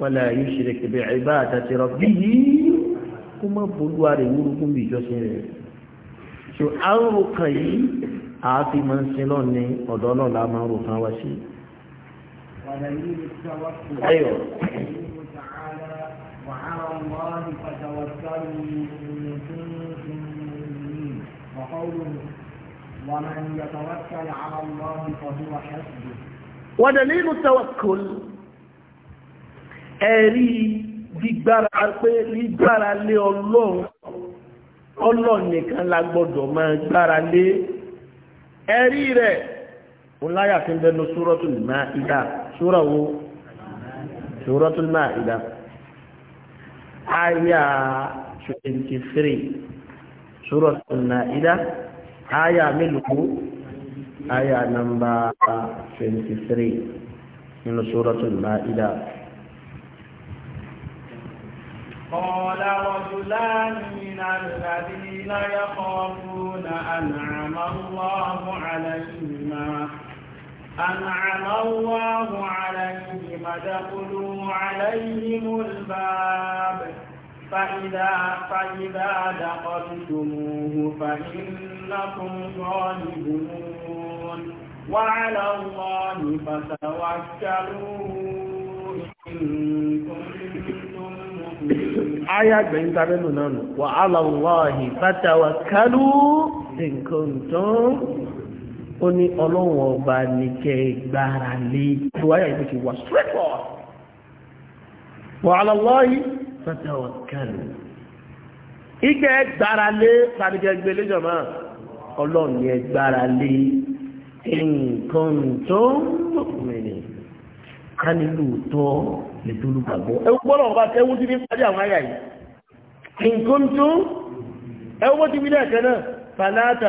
[SPEAKER 1] wala yushrik bi ibadati rabbih kó má bolúwa rẹ̀ wúrúkú bí ìjọsìn rẹ̀ so àrùn kan yìí àáfi máa ń sin lọ́ọ̀ ní ọ̀dọ́ náà la máa ń rò kan wá sí.
[SPEAKER 2] ayọ̀. وعلى الله فتوكلوا إن كنتم مؤمنين وقوله ومن يتوكل على الله فهو حسبه
[SPEAKER 1] ودليل التوكل ẹ̀rí gbígbára pé gbígbára lé ọlọ́run ọlọ́run nìkan la gbọ́dọ̀ máa gbára lé ẹ̀rí rẹ̀ ọláyà tí ń bẹnu Suratul Maida ṣúra wo Suratul Maida àyà 23 Suratul Maida aya mélòó aya nọ́mbà 23 three nínú suratul Maida.
[SPEAKER 2] قال رجلان من الذين يخافون أنعم الله عليهما أنعم الله عليهم دخلوا عليهم الباب فإذا فإذا دخلتموه
[SPEAKER 3] فإنكم
[SPEAKER 2] غالبون وعلى الله فتوكلوا إن كنتم
[SPEAKER 1] آية بين تابعين نانو وعلى الله فتوكلوا إن كنتم ó ní ọlọ́run ọba nìkẹ́ ìgbára lé ìwáyà ìbí ti wà straight forward wà fẹ́tẹ̀wọ̀ kẹrù ìgbẹ́ gbára lé pàdéjẹ́ gbélé jọmọ́ ọlọ́run yẹn gbára lé nǹkan tó mẹ́rin ká nílò tọ́ lẹ́tọ́lùgbàgbọ́ ẹwú gbọ́dọ̀ ọba ẹwú ti fi pàdé àwọn àyà yìí nǹkan tó ẹwú ti fi dẹ̀ náà fàlàtà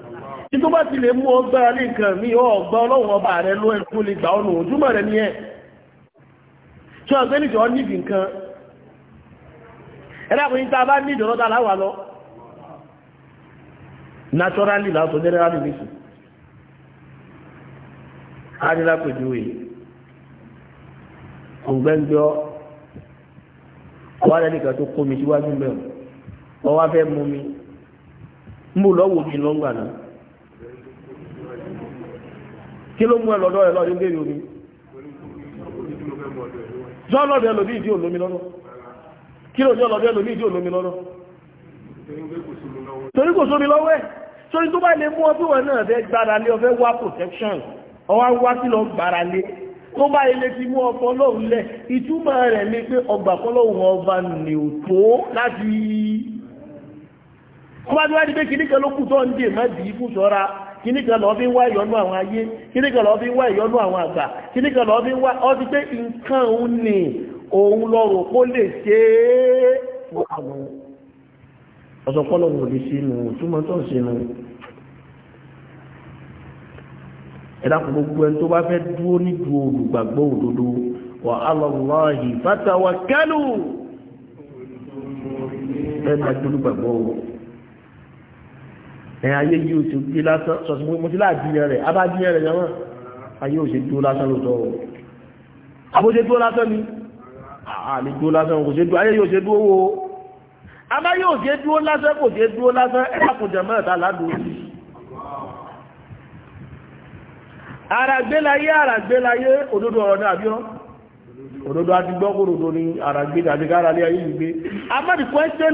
[SPEAKER 1] tó bá ti lè mú ọgbára ní nǹkan mi ọgbà ọlọ́run ọba rẹ ló ẹkú lè gbà ọ̀nà òjúmọ̀ rẹ ní ẹ̀ tí ọgbẹ́ nìjọ níbi nǹkan ẹ̀dàkùnrin tá a bá ní ìdọ̀lọ́ta láwà lọ naturally generally tó kó mi síwájú mẹ́rin ọwọ́ afẹ́ mú mi mú lọ́wọ́ mi lọ́ngbà náà kí ló mú ẹ lọ́dọ̀ ẹ lọ́dọ̀ ìbéèrè omi jọ́ lọ́dọ̀ ẹ lòmí ìdí olómi lọ́dọ̀ kí ló jọ́ lọ́dọ̀ ẹ lòmí ìdí olómi lọ́dọ̀ torí kò sómi lọ́wọ́ ẹ̀ torí tó bá lè mú ọ wọn náà fẹ́ gbára lé ọfẹ́ wá protection ọwá wá sí lọ gbára lé tó bá ilé ti mú ọkọ̀ lóhùn lẹ̀ ìtumọ̀ rẹ̀ ni pé ọgbà kọ́lọ́hùn ọba nì ò tó láti kó bá wá di pé kìnnìkan ló kù tó ń dè má dì í fún sọ́ra kíní kan lọ́ọ́ fi ń wá ìyọnú àwọn ayé kíní kan lọ́ọ́ fi ń wá ìyọnú àwọn àgbà kíní kan lọ́ọ́ fi ń wá ọdún pé nǹkan òun ni òun lọ́rọ̀ kó
[SPEAKER 3] lè ṣe é
[SPEAKER 1] ọ̀sọ̀pọ̀lọ̀ wò lè ṣe nù túmọ̀ tó ń ṣe nù ẹ̀dá gbogbo ẹni tó bá fẹ́ dúró nídùú olùgbàgbọ́ òdodo wà á lọ lọ́ọ̀hì fátawà kẹ́lù ẹ̀ máa dúró ẹ̀yìn ayé yìí ò ti gbé lásán sọ̀tún mo ti láàdíyàn rẹ̀ abájíyàn rẹ̀ yọ́wọ́n ayé ò ṣe dúró lásán lóòótọ́ o àbóṣe dúró lásán ni àlè dúró lásán kò ṣe dúró ayé yóò ṣe dúró wo abáyé ò ṣe dúró lásán kò ṣe dúró lásán ẹ bá kò jẹ mọ́ ẹ̀ta ládùúgbò àràgbélayé àràgbélayé òdodo ọ̀rọ̀ ní àbíọ́ òdodo adigbọ́ kòròdó ni àràgbé tàbí káralé ayé yìí gbé amadi question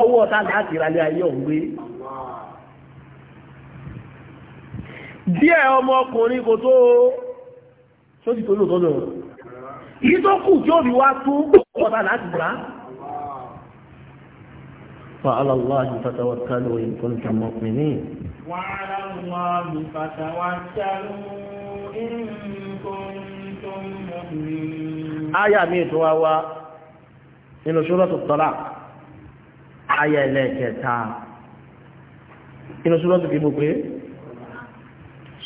[SPEAKER 1] ọwọ́ ọ̀tá láti ralé ayé ọ̀gbé díẹ̀ ọmọ ọkùnrin kò tó tó ti tó lóòtọ́ lọ yìí tó kù tí ó rí wá tún ọ̀pọ̀ta láti gbà فعلى الله فتوكلوا إن كنتم مؤمنين
[SPEAKER 2] وعلى الله فتوكلوا
[SPEAKER 3] إن كنتم مؤمنين
[SPEAKER 1] آية ميت وهو إن سورة الطلاق آية لك تا إن سورة كيف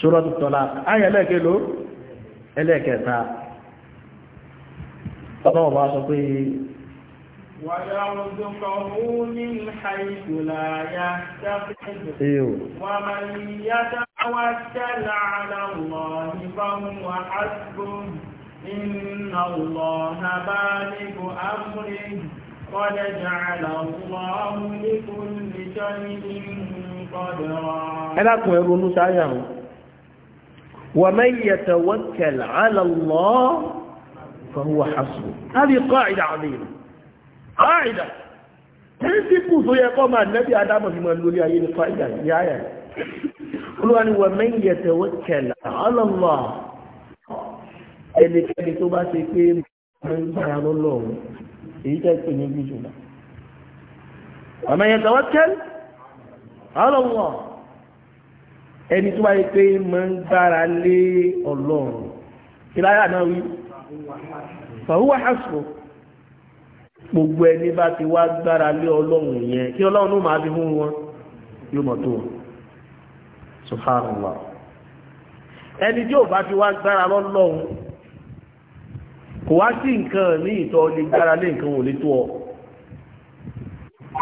[SPEAKER 1] Suratul Talaq ayé ẹlẹ́ẹ̀kẹ́ ló ẹlẹ́ẹ̀kẹta ọlọ́wọ́ bá sọ pé
[SPEAKER 2] ويرزقه من حيث لا
[SPEAKER 1] يحتسب ومن يتوكل على الله
[SPEAKER 2] فهو حسبه إن الله بالغ أمره قد جعل الله لكل شيء قدرا.
[SPEAKER 1] ومن يتوكل على الله فهو حسبه
[SPEAKER 2] هذه قاعدة
[SPEAKER 1] عظيمة قاعدة تنسكوا سيقوم النبي آدم في ملولي أي قاعدة يا يا قلوا أن ومن يتوكل على الله ẹni kẹ́ni tó bá ṣe pé gbára lọ́lọ́run èyí tẹ́ pè ní gbíjùlá ọmọ yẹn ẹni tó wáyé pé máa ń gbára lé ọlọ́run ìláyà náà wí fàwúwà hàṣọ gbogbo ẹni bá ti wá gbára lé ọlọ́run yẹn kí ọlọ́run ló máa fi hún wọn yóò mọ̀ tó subhanallah ẹni tí ò bá ti wá gbára lọ́lọ́run kò wá sí nǹkan ní ìtọ́ lè gbára lé nǹkan ò lè tó ọ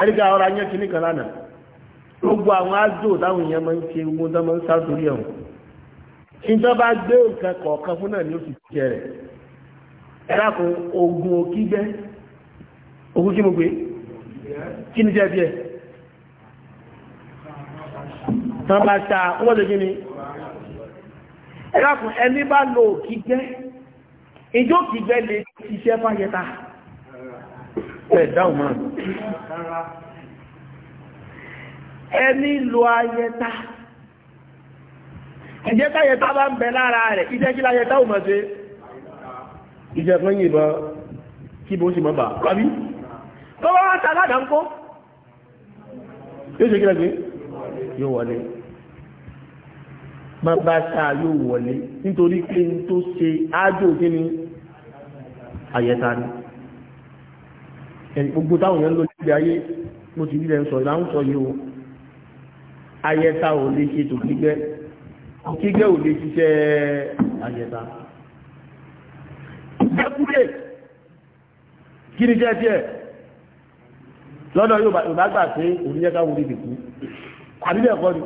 [SPEAKER 1] ẹni ká ọ̀rọ̀ ayé kìíní kan lánàá gbogbo àwọn ájò táwọn èèyàn máa ń ṣe owó tó máa ń sá sórí ọ̀hún níta bá gbé nǹkan kọ̀ọ̀kan fún náà ní oṣù jẹ rẹ̀ ẹ dákun ogun òkígbẹ́ ogun kí mo gbé kí ni jẹ́ bí ẹ tán bá ta wọ́n lè gíní ẹ̀lákùn ẹni bá lo òkígbẹ́ ìjọ òkígbẹ́ lè ṣiṣẹ́ fáyẹta ẹ̀dáhùn máa ẹni lo ayẹta ìjẹ́ káyẹta bá ń bẹ lára rẹ̀ ìjẹ́ kí láyẹta ò máa ṣe ìjẹ́ fún yìnbọn kí bó ṣe mọ́ bà kọ́bí tó wọ́n wọ́n tàbí àdánkó yóò ṣe kílẹ̀ pé yóò wọlé má bá sá yóò wọlé nítorí pé n tó ṣe ájò kí ni ayẹta ni ẹni gbogbo táwọn èèyàn lójú ayé mo ti rí rẹ̀ ń sọ ìlànà sọ yìí o ayẹta ò lè ṣe tò kígbẹ́ kígbẹ́ ò lè ṣiṣẹ́ ayẹta jẹ́kúrẹ́ kí ni jẹ́ tiẹ̀ lọ́dọ̀ Yorùbá gbà pé òní jẹ́ káwọn olè kú àbílẹ̀ ẹ̀kọ́ ni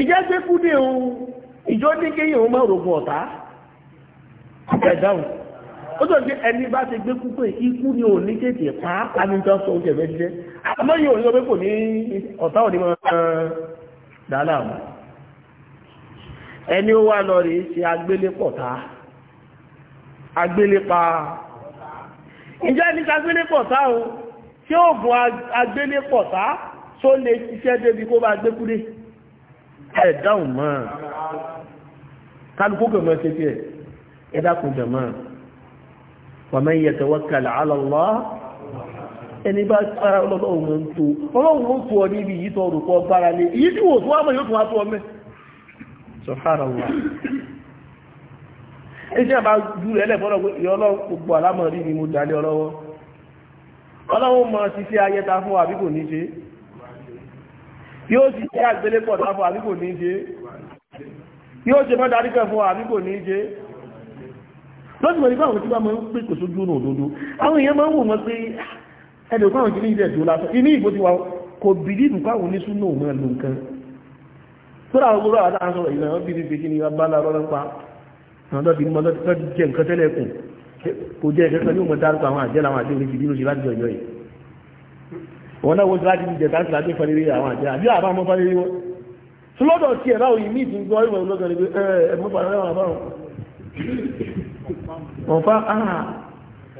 [SPEAKER 1] ìjẹ́ pé kúdé ohun ìjọ ní kéyìn òun máa rogun ọ̀tá ẹ̀dáhùn ó tó ń gbé ẹni bá ti gbé púpọ̀ ikú ni òní tètè pàápàá ní tó sọ oúnjẹ mẹ́jẹ́ àmọ́ yíò ní ọgbẹ́ kò ní ọ̀tá òní máa dáláàmù ẹni ó wà lọ rí ṣe agbélépọ̀ta agbélépa ìjẹ́ ní agbélépọ̀ta o tí ó bù agbélépọ̀ta tó lè ṣiṣẹ́ débi kó bá gbé kúrè ẹ̀dáhùn mọ́ kálukú kẹ̀mọ́ ṣe tiẹ̀ ẹ̀dákùn jẹ̀mọ́ wa man yatawakkal ala Allah ẹni bá sára ọlọ́run mọ́ ń tó ọlọ́run ó tó ọ níbi yìí tó ọdún pọ̀ gbára lé èyí tí wò tó wá mọ̀ yóò tó wá tó ọmọ sọ̀háràwà iṣẹ́ àbá jù rẹ̀ lẹ́fọ́nà ìyọ́lọ́ gbogbo àlámọ̀ rí ni mo dalẹ̀ ọlọ́wọ́ ọlọ́wọ́ mọ̀ sí sí ayẹta fún àbí kò ní ṣe yóò sì jẹ́ àgbélépọ̀ tá fún àbí ní ṣe yóò ṣe mọ́darí pẹ̀ fún àbí ní ṣe lọ́sùmọ̀ nípa àwọn tí wọ́n máa ń sójú ọ̀nà òdodo àwọn èèyàn máa wò wọ́n pé ẹni òkú àwọn kìíní ìdẹ̀dù lásán inú ìbò ti wà kò bìlíìfù káwọn oníṣúná òun ẹ̀ ló nǹkan sọ́dọ̀ àwọn gbogbo àwọn aṣọ ìlànà bíbí pé kí ni wọ́n bá lárọ́ lọ́pàá àwọn tó ti mọ́ tó ti jẹ́ nǹkan tẹ́lẹ̀ kù kò jẹ́ ìkẹ́kọ̀ọ́ ní òun dárúkọ àwọn àjẹ́ làwọn àjẹ́ orí ìdílé ṣe láti ọjọ́ yìí wọn náà wo ti láti jẹ táǹtì láti fọlẹ́rẹ́ àwọn àjẹ́ àbí àbá mọ́ fọlẹ́rẹ́ wọn sọlọ́dọ̀ tí ẹ̀ báwo yìí mí ìdíjọ́ ìwọ̀ ológun ni pé ẹ ẹ mọ́ fọlẹ́rẹ́ wọn àbáwọn. ọ̀fà ah,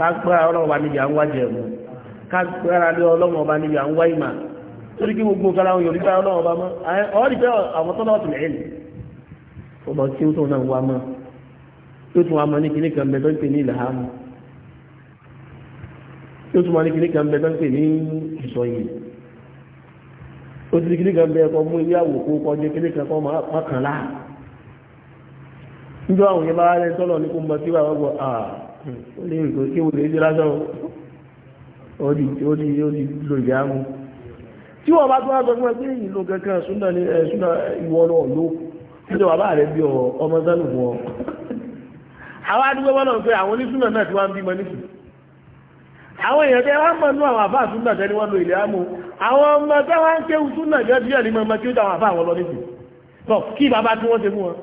[SPEAKER 1] kágbára ọlọ́wọ́ bá níbi à ń wá jẹ̀mú kágbára lé ọlọ́wọ́ bá níbi à ń wá ìmà torí kí gbogbo nǹkan láwọn yorùbá ọlọ́wọ́ bá mọ́ ọ́ rí pé àwọn tọ́lọ́wọ́ tún lẹ́yìn ó lọ kí ó tó náà wá mọ́ yóò tún wá mọ́ ní kíní kan bẹ tó ń pè ní ìlàhámù yóò tún wá ní kíní kan bẹ tó ń pè ní ìsọyìn ó ti kíní kan bẹ ẹ̀kọ́ mú ilé àwòkó bá rẹ̀ tọ́lọ̀ ní kó mọ́ sí wà wọ́n àà ó lè nǹkan kí wọ́n lè jẹ́ lásán ó di ó di ó di lò ìyá mu tí wọ́n bá tún wá sọ fún ẹ pé ìlú kankan súnà ní ẹ súnà ìwọ náà ló nítorí bàbá rẹ bí ọmọ sánù fún ọ àwọn adúgbò wọn náà pé àwọn onísúnà náà ti wá ń bímọ nísìnyí àwọn èèyàn tẹ́ wọ́n mọ̀ ní àwọn àfáà súnà tẹ́lẹ̀ wọ́n lo ilẹ̀ àmú àwọn ọmọ tẹ́wọ́n ń kéwù súnà jẹ́ díẹ̀ ní mọ̀mọ́ tí ó dáwọn àfáà wọn lọ nísìnyí tọ́ kí bàbá tí wọ́n ṣe fún wọn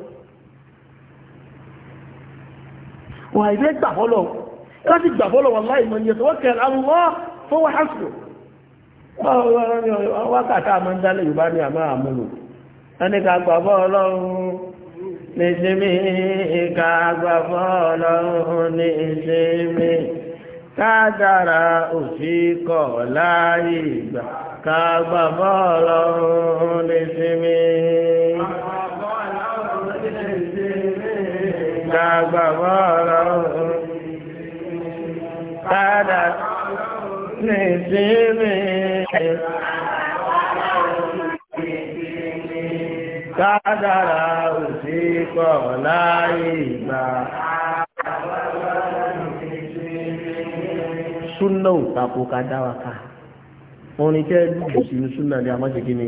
[SPEAKER 1] wà ìfẹ́ gbà fọ́lọ̀ láti gbà fọ́lọ̀ wà láì mọ̀ ní ẹ̀sọ́ wọ́n kẹrẹ àwọn wọ́n fún wọ́n hásùlù wákàtà àmọ́ ń dálẹ̀ yorùbá ní àmọ́ àmúlò ẹni ká gbà ní ìsinmi ká gbà ní ìsinmi kádàrà òfin kọ̀ láàyè ìgbà ká gbà
[SPEAKER 2] ní ìsinmi
[SPEAKER 3] dàgbà mọ́ra padà ní ìsinmi
[SPEAKER 2] kádàrà òsì pọ̀ láyé ìgbà.
[SPEAKER 1] Súnà ò tako ká dá wa ká. Orin tẹ́ lùdù sínú súnà ni a máa ṣe kí ni?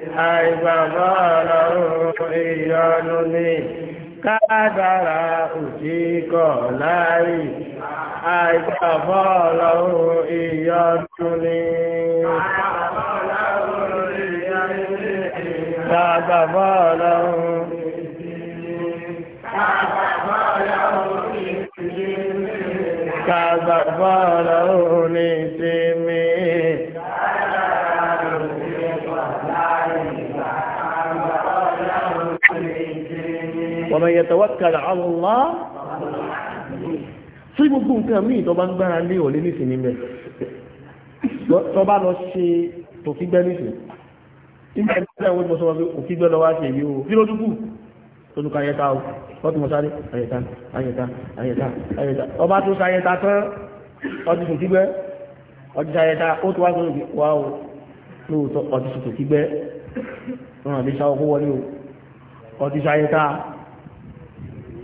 [SPEAKER 1] àìgbàgbọ́ ọlọ́run ìyọnu ni kádàrà òjíkọ̀ láì àìgbàgbọ́ ọlọ́run
[SPEAKER 3] ìyọnu ni.
[SPEAKER 2] Kàgbàgbọ́ ọlọ́run. Kàgbàgbọ́
[SPEAKER 3] ọlọ́run. Kàgbàgbọ́ ọlọ́run
[SPEAKER 2] ní ti mi. wọ́n mẹ́yẹ tawakkal ala Allah
[SPEAKER 1] tí gbogbo nǹkan míì tó bá ń gbára lé òlé nìsín níbẹ̀ tó bá lọ ṣe tòkígbẹ́ nìsín nígbà tí àwọn ìgbọ̀nsọ̀ wọn fi òkígbẹ́ lọ wá ṣe èyí o kí ló dúkù tó dúkà ayẹta o wọ́n ti mọ̀ sáré ayẹta ayẹta ayẹta ayẹta ọba tó sayẹta tán ọdún tòkígbẹ́ ọdún sayẹta ó tó wá sórí wa o lóòótọ́ ọdún tòkígbẹ́ wọn àbí sáwọ́ kó wọlé o ọdún sayẹta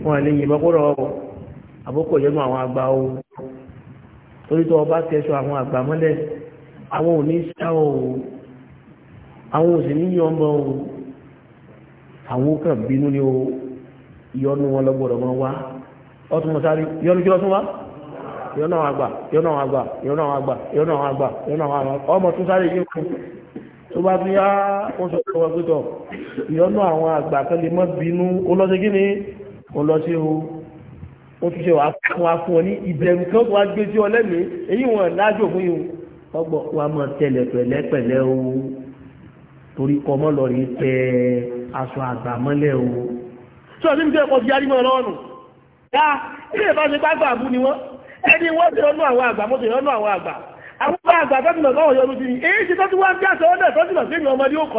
[SPEAKER 1] wọn lè yìnbọn kó rọrùn àbókò yẹnu àwọn àgbà o torí tó ọba tẹsọ àwọn àgbà mọ́lẹ̀ àwọn ò ní sá o àwọn ò sì ní yan ọmọ o àwọn kan bínú ni o ìyọnu wọn lọ́gbọ̀dọ̀ wọn wá ọtún mọ sáré ìyọnu kí lọ́tún wá ìyọnu àwọn àgbà ìyọnu àwọn àgbà ìyọnu àwọn àgbà ìyọnu àwọn àgbà ìyọnu àwọn àgbà ọmọ tún sáré yìí kú tó bá fi á wọn sọ pé pé tọ ìyọnu àwọn àgbà kan lè mọ bínú ó lọ sí kí ni ó lọ sí o ó tún ṣe wàá fún wa fún ọ ní ìbẹ̀rù kan tó wá gbé sí ọ lẹ́mìí èyí wọn lájò fún yìí o ọgbọ wa mọ tẹlẹ pẹ̀lẹ́pẹ̀lẹ́ o torí kọ mọ lọ rí tẹ aṣọ àgbà mọ́lẹ̀ o sọ ní nígbà ẹ̀kọ́ ti yarí mọ lọ́rùn ya ilé ìbáṣe bá gbà bú ni wọn ẹni wọn ti rọnú àwọn àgbà mo ti rọnú àwọn àgbà àwọn àgbà tó ti lọ báwọn yọrù ti ni èyí ti tó ti wá ń bí àṣọ ọ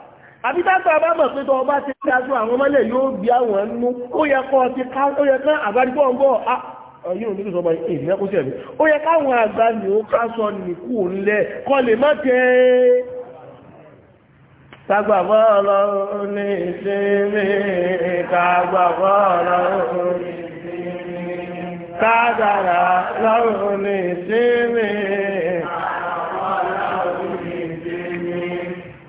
[SPEAKER 1] àbí dáta bá mọ̀ pé tọba ti dájú àwọn mọ́lẹ̀ yóò bí àwọn ẹnu ó yẹ kọ́ ti ká ó yẹ kán àgbàdìbọ̀ ń bọ̀ ah, yóò ní sọ́bọ̀ ìrìnlẹ́ kó sẹ́ẹ̀mí ó yẹ káwọn àgbà ní ó ká sọ nìkú ńlẹ̀ kọ́ lè má tẹ́ kágbàgbọ́ ọlọ́run ní ìsinmi
[SPEAKER 2] kágbàgbọ́ ọlọ́run ní ìsinmi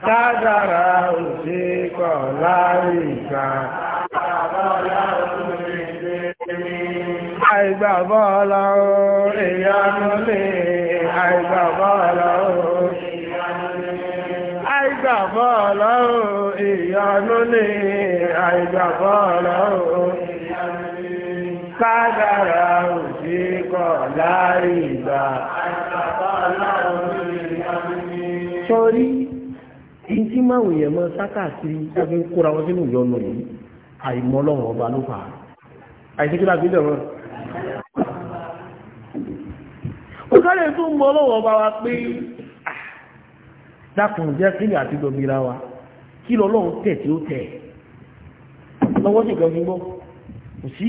[SPEAKER 1] Tágàrà òṣè kọ̀ láàrí ìgbà. Àìgbàgbọ́ ọlọ́run ìyanu lè àìgbàgbọ́ ọlọ́run.
[SPEAKER 2] Àìgbàgbọ́ ọlọ́run ìyanu lè àìgbàgbọ́ ọlọ́run. Tágàrà òṣè kọ̀ láàrí ìgbà. Àìgbàgbọ́ ọlọ́run ìyanu lè.
[SPEAKER 1] Sorí èyí tí máa wòye mọ sákàkiri ẹgbẹ́ kóra wọn sínú ìyọnu yìí àìmọ́ ọlọ́run ọba ló fà á àìsíkílà bílẹ̀ wọn. òkàlẹ̀ tó ń mọ ọlọ́run ọba wa pé ah, dákun jẹ́ kílì àti gbọmìnira wa kí lọ́lọ́run tẹ̀ tí ó tẹ̀ lọ́wọ́ sí kan fi gbọ́ kò sí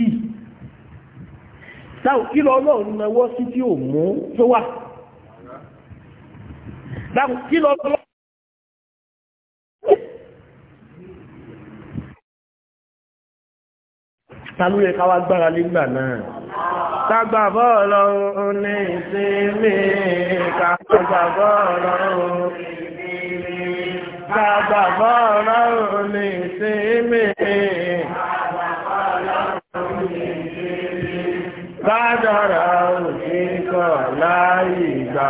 [SPEAKER 1] kí lọ́lọ́run
[SPEAKER 3] náwó
[SPEAKER 1] ta ló yẹ ká wá gbára nígbà náà Kagbà bọ́ọ̀lọ́ ní ìsinmi, kagbà bọ́ọ̀lọ́
[SPEAKER 2] Kagbà bọ́ọ̀lọ́ ní ìsinmi, Bádọ́rà òṣìkọ̀ láì gbà.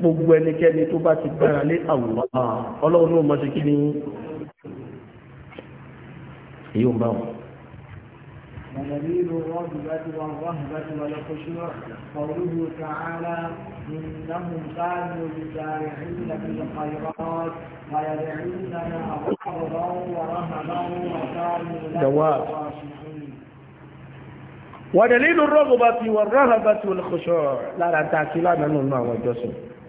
[SPEAKER 1] gbogbo ẹnikẹ́ni tó bá ti gbára lé àwùwá ọlọ́run ló mọ̀ sí kí ni èyí ò bá wọn.
[SPEAKER 2] ونبيل الرغبة والرهبة والخشوع قوله تعالى إنهم كانوا يسارعون في الخيرات ويدعوننا رغبا ورهبا وكانوا لنا
[SPEAKER 1] ودليل الرغبة والرهبة والخشوع لا لا تأكلان من ما وجسم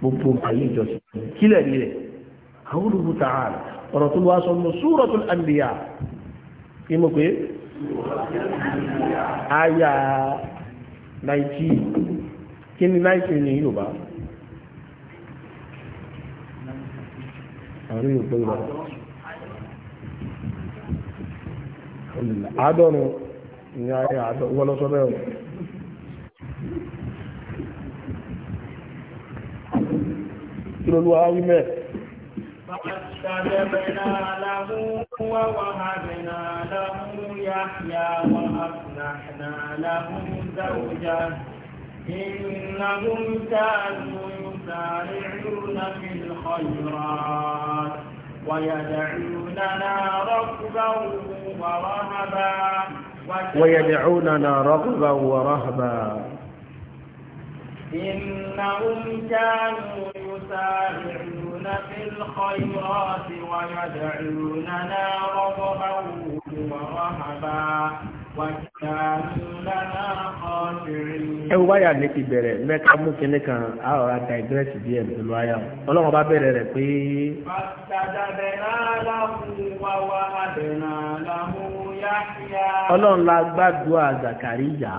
[SPEAKER 1] gbogbo ayé ìjọsìn kílẹ̀ rí rẹ̀ àwọn olùkúta ààrẹ ọ̀rọ̀ tó wá sọ mọ́ Suratul Anbiya kí mo pé àyà 19 kí ni 19 ní Yorùbá
[SPEAKER 3] àrí ìgbéra
[SPEAKER 1] àádọ́rùn-ún ní ayé àádọ́rùn-ún wọ́n lọ sọ bẹ́ẹ̀ له
[SPEAKER 2] يحيى lúwa له زوجه إنهم كانوا يسارعون في الخيرات ويدعوننا رغبا ورهبا ويدعوننا
[SPEAKER 1] رغبا ورهبا
[SPEAKER 2] إنهم كانوا يسارعون في الخيرات ويدعوننا رغبا ورهبا وكانوا لنا خاشعين ẹwú
[SPEAKER 1] báyà ní ti bẹ̀rẹ̀ mẹ́ta mú kíní kan àrọ̀rá digress díẹ̀ pẹ̀lú ayá ọlọ́run bá bẹ̀rẹ̀ rẹ̀ pé. ọlọ́run la gbàdúrà Zakariya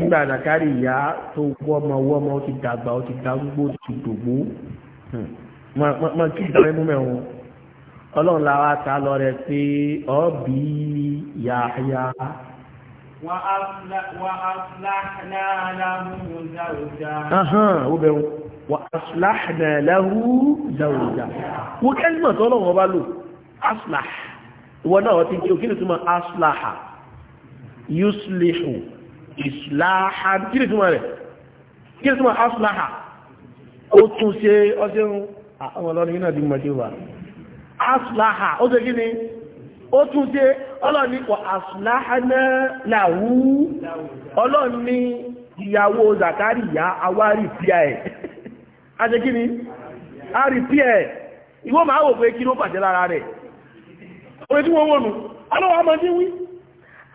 [SPEAKER 1] nígbà zakari ìyá tó wọ́mọ wọ́mọ ó ti dàgbà ó ti darúgbó ó ti dògbó mọ hmm. kí ìdáwé mú mẹ́wọ̀n ọlọ́run la wá ta lọ rẹ pé ọ́bí yàáyá.
[SPEAKER 2] wà á láhàná aláhùn záwùjá.
[SPEAKER 1] ó bẹ̀rù wà á láhàná aláhùn záwùjá. wọ́n kẹ́lí mọ̀ tọ́lọ́ wọn bá lò aslah ìwọ náà wọ́n ti jẹ́ òkè ní túmọ̀ aslaha yuslihu. ìsìláhà kí ni túnmọ̀ rẹ̀ kí ni túnmọ̀ asìláhà ó tún ṣe ọdún àwọn ọlọ́rin yínà bí mọ̀jú wà asìláhà ó ṣe kí ó tún ṣe ọlọ́rin ọlọ́rin ẹ̀ a ṣe a ẹ̀ ìwọ́n máa wò pé kí ló pàṣẹ lára rẹ̀ tí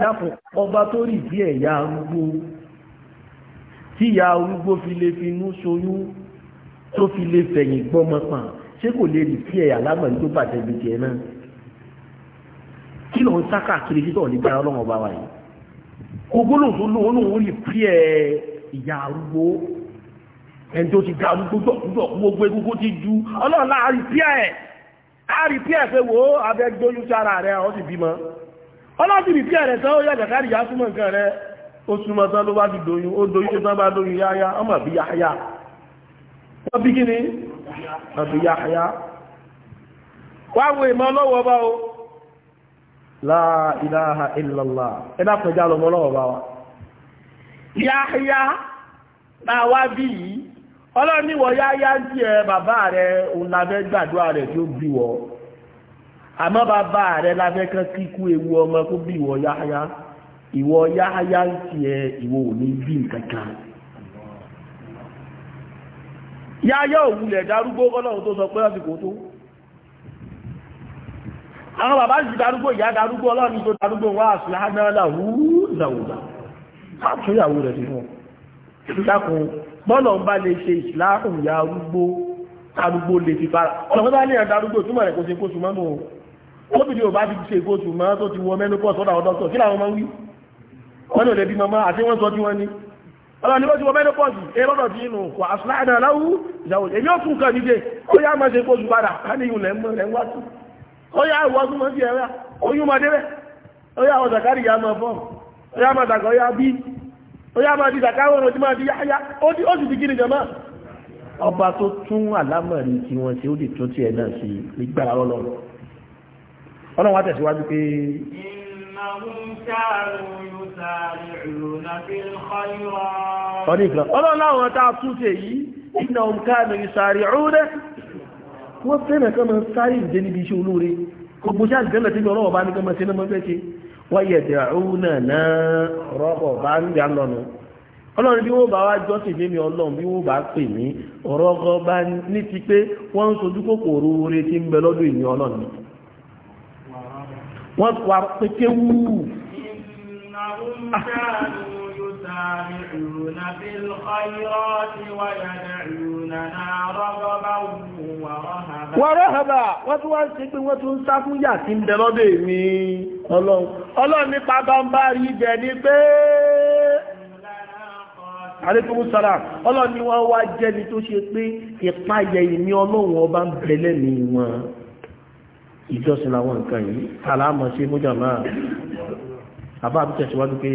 [SPEAKER 1] dákùn ọba tó rí bí ẹ̀yà arúgbó tí ìyá arúgbó fi lè fi inú ṣoyún tó fi lè fẹ̀yìn gbọ́mọ pàn ṣé kò lè rí bí ẹ̀yà lágbàá tó bàjẹ́ gbèjì ẹ̀ náà kí ló ń sá káàkiri títọ̀ nígbà ọlọ́run ọba wa yìí ogólóhùn tó lóhùn lóhùn ó lè bí ẹ̀ ìyá arúgbó ẹni tó ti dá arúgbó dọ̀kúdọ̀ gbogbo egungun ti ju ọlọ́run láàárín pí ẹ̀ láàárín pí ẹ̀ fẹ́ wò ó abẹ́gbóyún sára rẹ̀ ọ́ sì bímọ ọlọ́sìn ìfí ẹ̀rẹ̀ tán ó yà jàkárì ya súnmọ́ nǹkan rẹ ó súnmọ́ tán ló bá ti ó tó tán bá yáyá ọmọ bí yáyá wọ́n bí kí ni
[SPEAKER 3] àbí yáyá
[SPEAKER 1] wá ìmọ̀ bá o la ilaha illallah ẹ̀dá wọ àmọ́ bàbá rẹ̀ láfẹ́ kan kíkú ewu ọmọ kó bí ìwọ yáháyá ìwọ yáháyá ń tiẹ̀ ìwọ ò ní bí nǹkan kan yáyá òwúlẹ̀ darúgbó kọ́lọ́run tó sọ pé lásìkò tó àwọn bàbá sì darúgbó ìyá darúgbó ọlọ́run tó darúgbó wá àṣìlá náà làwú ìlàwùdà àtúnyàwó rẹ̀ sí fún ìtàkùn bọ́lọ̀ ń bá lè ṣe ìsìláàrùn ìyá arúgbó arúgbó lè fi fara ọ̀nà tó bá ní ẹ̀dà arúgbó túnmọ̀ rẹ̀ kò ṣe kó súnmọ́ tóbìnrin ò bá fi ṣe ìkóṣù mọ́ tó ti wọ mẹ́nu pọ̀ sọ́dọ̀ àwọn kí làwọn máa ń wọ́n ò lè àti wọ́n sọ tí wọ́n ti wọ mẹ́nu pọ̀ sí ẹ lọ́dọ̀ tí inú kò àṣìláàdà aláwú ìyàwó èmi ó tún kàn nídé ó yá máa ṣe padà ó yá oyún máa débẹ̀ ó yá zakari yá máa ó yá máa dàgbà ó yá bí ó yá máa di ọlọ́run wá tẹ̀síwájú pé ọlọ́run láwọn tá a túnṣe yìí iná òǹkàánù ìsàrí ọ̀rẹ́ wọ́n fẹ́rẹ̀ kọ́mọ sáré ìdé níbi iṣẹ́ olóore gbogbo ṣáà ìgbẹ́lẹ̀ tí ọlọ́wọ̀ bá ní kọ́mọ sí lọ́mọ fẹ́ ṣe wáyẹ̀ dẹ̀rúnà náà rọ́bọ̀ bá ń gbà lọ́nà ọlọ́run bí wọ́n bá wá jọ́sìn mímí ọlọ́run bí wọ́n bá pè mí ọ̀rọ̀ ọgọ́ bá ní ti pé wọ́n ń sojú kòkòrò oore tí ń bẹ lọ́dún ìní ọlọ́run
[SPEAKER 2] wọ́n wà pété wú wọ́rọ̀hàbà
[SPEAKER 1] wọ́n tún wá ń ṣe pé wọ́n tún sá fún yà tí ń dẹ̀lọ́dẹ̀ mi ọlọ́run ọlọ́run nípa bá ń bá rí jẹ ní pé àrékùnrin sára ọlọ́run ni wọ́n wá jẹ́ ni tó ṣe pé ìpáyẹ̀ ìní ọlọ́run ọba ń bẹ̀lẹ̀ ní wọn ìjọsìn àwọn nǹkan yìí aláàmọ̀ sí mújà máa àbá àbí tẹ̀síwájú pé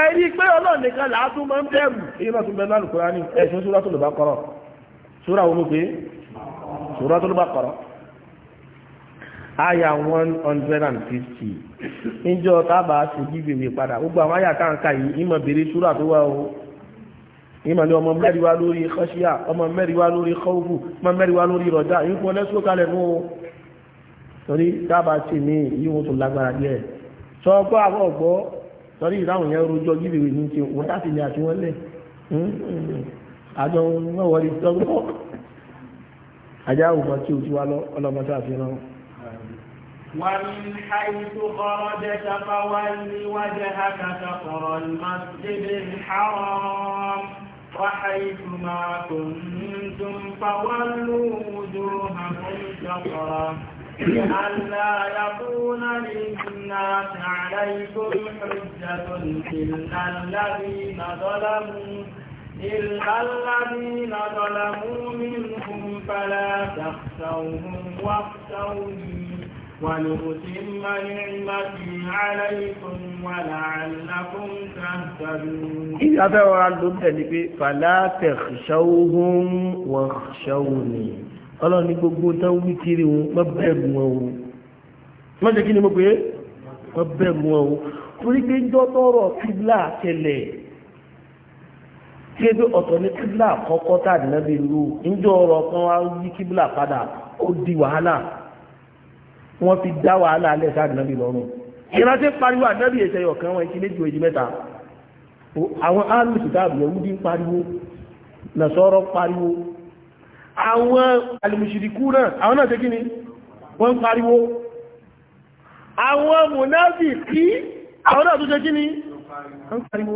[SPEAKER 1] ẹ̀rí pé ọlọ́run nìkan làátún máa ń bẹ̀rù èyí náà tún bẹ náà lùkúra ní ẹ̀sùn súra tó lè bá kọ́rọ̀ súra wo ló pé súra tó lè bá one hundred and fifty níjọ́ tábà sí bíbélì padà gbogbo àwọn àyà táǹkà yìí ìmọ̀ bèrè súra tó wà o ìmọ̀ ní ọmọ mẹ́rin wá lórí kọ́ṣíà ọmọ mẹ́rin wá lórí kọ́ọ̀fù ọmọ mẹ́rin wá lórí rọ̀dá èyí fún ọlẹ́sùn kalẹ̀ fún o torí dábàá tì mí yí wọn tó lágbára díẹ̀ sọ ọgbọ́ àwọn torí ìdáhùn yẹn rojọ́ gíbìrì ní ti wọ́n láti
[SPEAKER 2] ما كنتم فولوا وجوهكم شطره لئلا يكون للناس عليكم حجة إلا الذين ظلموا إلا الذين ظلموا منهم فلا تخشوهم واخشوني ولأتم نعمتي عليكم ولعلكم تهتدون
[SPEAKER 1] إذا فعل النبي فلا تخشوهم واخشوني ọlọ́run ní gbogbo tán wí kiri wọn má bẹ̀rù wọn o má jẹ́ kí ni mo pé má bẹ̀rù wọn o torí pé jọ́ tọrọ kíbla tẹ̀lẹ̀ kí ebi ọ̀tọ̀ ní kíbla kọ́kọ́ tàbí náà bí lu ń jọ ọ̀rọ̀ kan wá yí kíbla padà ó di wàhálà wọ́n fi dá wàhálà alẹ́ sáàdì náà bí lọ́rùn ìrántí pariwo ànábì ẹ̀sẹ̀ ọ̀kan wọn ìkí méjì méjì mẹ́ta àwọn alùsù táàbù yẹ̀wúdí ń pariwo nàṣọ́rọ̀ pariwo àwọn alùmùsìrìkú náà àwọn náà tẹ́kí ni wọ́n ń pariwo àwọn mùnáfì kí àwọn náà tó tẹ́kí ni wọ́n ń pariwo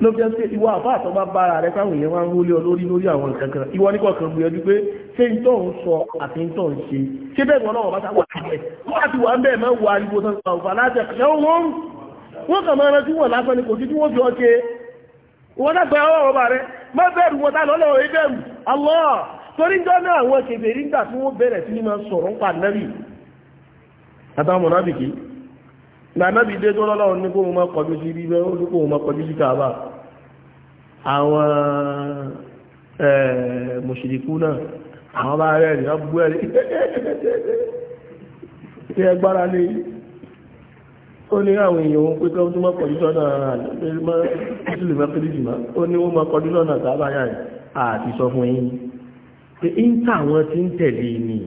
[SPEAKER 1] ló jẹ́ pé ìwọ àbá àtọ́gbá bára rẹ táwọn èèyàn wá ń wólé ọ lórí lórí àwọn nǹkan kan ìwọ ní kọ̀ọ̀kan gbìyànjú pé ṣé ń tọ̀ ń sọ àti ń tọ̀ ń ṣe ṣé bẹ́ẹ̀ wọn náà wọ́n bá sá wà níbẹ̀ wọ́n á ti wà ń bẹ́ẹ̀ máa ń wà ariwo tán pa òfà láti ẹ̀kọ́ wọn wọ́n kàn máa rántí wọn lásán ni kò sí tí wọ́n fi ọ ṣe wọ́n dàgbà ọwọ́ ọba rẹ má bẹ̀rù wọn táwọn ọlọ́wọ́ ẹ bẹ̀rù Allah torí jọ náà àwọn kèbèrè nígbà tí wọ́n bẹ̀rẹ̀ sí ní máa sọ̀rọ̀ ń pa nábì gbànábì dé tó lọ́lọ́run ní kó mo máa kọjú sí ibi bẹ́ẹ̀ ó ní kó mo máa kọjú sí kàbà àwọn mùsùlùkù náà àwọn bá rẹ̀ rí ọgbọ́ ẹ̀rí tí ẹ gbára lé ó ní àwọn èèyàn òun pé tó máa kọjú sọ́nà ìtìlù ó ní wọ́n máa kọjú sọ́nà kàbà yà àti sọ fún yín pé ń tàwọn ti ń tẹ̀lé ni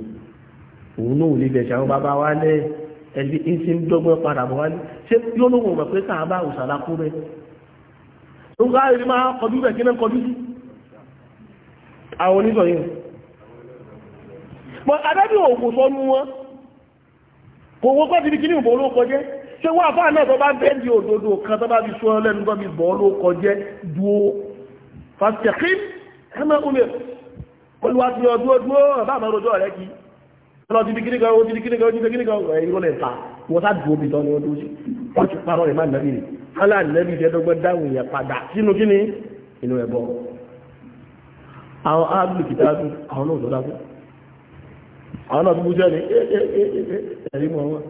[SPEAKER 1] òun náà ò lè bẹ̀ṣẹ̀ àwọn bàbá wa lẹ́ẹ̀ ẹ̀rí ń ṣe ń dọ́gbọ́n padà bọ̀ wálé ṣé yóò lóun mọ̀ pé káàbà òṣàlá kú bẹ́ẹ̀ tó ń káàrí máa kọjú bẹ̀ kí náà kọjú sí àwọn oníṣọ̀ yìí mọ̀ adájú òkú sọ́nú wọn kò wọ́n pàtàkì kí ní ìbò ló kọjẹ́ ṣé wọ́n àfáà náà tó bá bẹ́ẹ̀ di òdodo kan tó bá fi sọ lẹ́nu tó fi bọ́ ló kọjẹ́ dúó fàṣẹ̀kí ẹ̀mẹ́ olè olùwàtí ọdún ọdún ọ̀bá àmọ́ lọ ti di kíní kan ó ti di kíní kan ó ti di kíní kan ẹ̀ irọ́ lẹ̀ ta wọ́n sá dùn òbítọ́ ni wọ́n tó ṣe wọ́n ti parọ́ rẹ̀ má nàbí ni kálá nàbí ìdẹ́dọ́gbọ́n dáhùn yẹn padà sínú kíní inú ẹ̀ bọ́ àwọn áàbùlù kìtàbù àwọn náà lọ́dá fún àwọn náà tó bú jẹ́ ní ẹ̀rí mọ́ wọn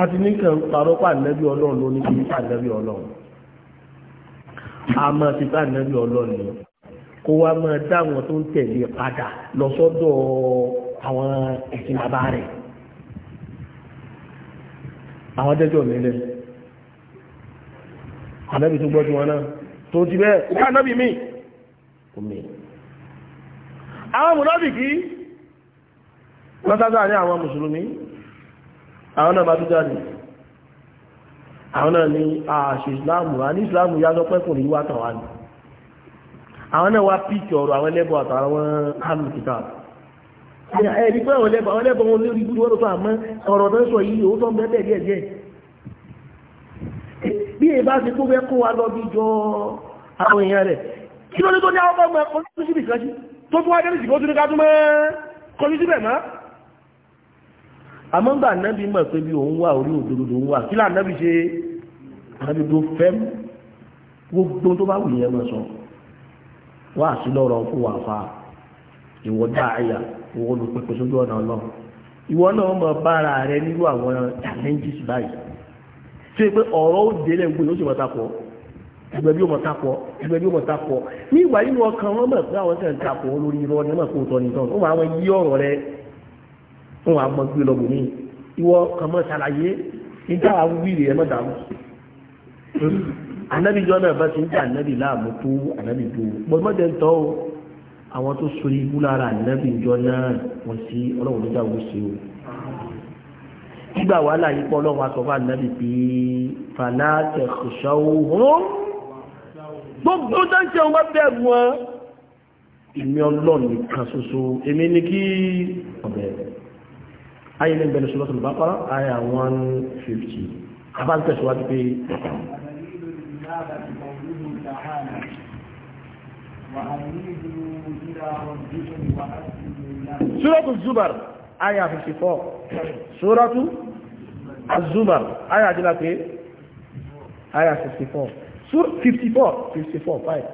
[SPEAKER 1] àti ní kàn parọ́ pàdánẹ́bí ọlọ́run ló ní kí pàdánẹ́bí ọlọ́run a máa ti pàdánẹ́bí ọlọ́run ni kó wá máa dáwọn tó ń tẹ̀lé padà lọ sọ́dọ̀ ọ́ àwọn ẹ̀sìn bàbá rẹ̀ àwọn dẹ́jọ́ nílẹ̀ ànábì tó gbọ́jú wọn náà tó ti bẹ́ẹ̀ ìká ànábì mi kò mí àwọn mùnábì kí lọ́tàtà ní àwọn mùsùlùmí àwọn náà bá tó jáde àwọn náà ní àṣì ìsìláàmù a ní ìsìláàmù yá sọpẹ́ kò ní wá tàwa ni àwọn náà wá píkì ọ̀rọ̀ àwọn ẹlẹ́bọ̀ àtàwọn hàmì kìtàbù ẹ̀rí pé àwọn ẹlẹ́bọ̀ àwọn ẹlẹ́bọ̀ wọn lórí ibùdó wọn tó àmọ́ ọ̀rọ̀ tó ń sọ yìí òun tó ń bẹ́ẹ̀ díẹ̀ díẹ̀ bí èyí bá ti kó fẹ́ kó wa lọ bí jọ àwọn èèyàn rẹ̀ kí ló ní tó ní àwọn ọmọ ẹ̀kọ́ tó síbi kan sí tó tún wá dé nìsìkò tó ní ká tún mọ́ kọjú síbẹ̀ mọ́ àmọ́ gbà nábì mọ̀ pé bí òun wà orí òdodo òun wà kí là nábì ṣe nábì tó fẹ́ gbogbo tó bá wù yẹn mọ̀ ìwọ olùpẹpẹ sójú ọ̀nà ọlọ́run ìwọ náà mọ bára rẹ nírú àwọn challenges báyìí ṣe pé ọ̀rọ̀ ó délẹ̀ gbé ló sì mọ̀ takọ̀ ẹgbẹ́ bí ó mọ̀ takọ̀ ẹgbẹ́ bí ó mọ̀ takọ̀ ní ìwà inú ọkàn wọn mọ̀ pé àwọn kan takọ̀ lórí irọ́ ni mọ̀ pé ó tọ́ ni tán ó máa wọn yí ọ̀rọ̀ rẹ fún àwọn ọmọ gbé lọ bòmí ìwọ kan mọ̀ ṣàlàyé nígbà àwọn wíìlì ẹ mọ̀ dàrú anábìjọ náà bá ti ń dá anábì láàmú tó anábì tó mọ̀ mọ́ àwọn tó sori ibú lára ànábì ìjọ náà wọ́n sí ọlọ́run ló dáwọ́ sí o nígbà wàhálà yìí pọ̀ ọlọ́run aṣọ fún ànábì pé fàlà tẹ̀sọ̀ṣọ́ òhún gbogbo tó ń ṣe wọn bẹ̀rù wọn ìmí ọlọ́run nìkan ṣoṣo èmi ni kí ayé ní ìbẹ̀rẹ̀ sọlọ́sọ̀lọ́ bá pàrọ̀ àyà one fifty abá ń tẹ̀síwájú pé.
[SPEAKER 2] وأميدوا Súrọ́tù
[SPEAKER 1] Zubar, ayà 54. Súrọ́tù Zubar, ayà jẹ́ pé ayà 54. 54, 54, 5.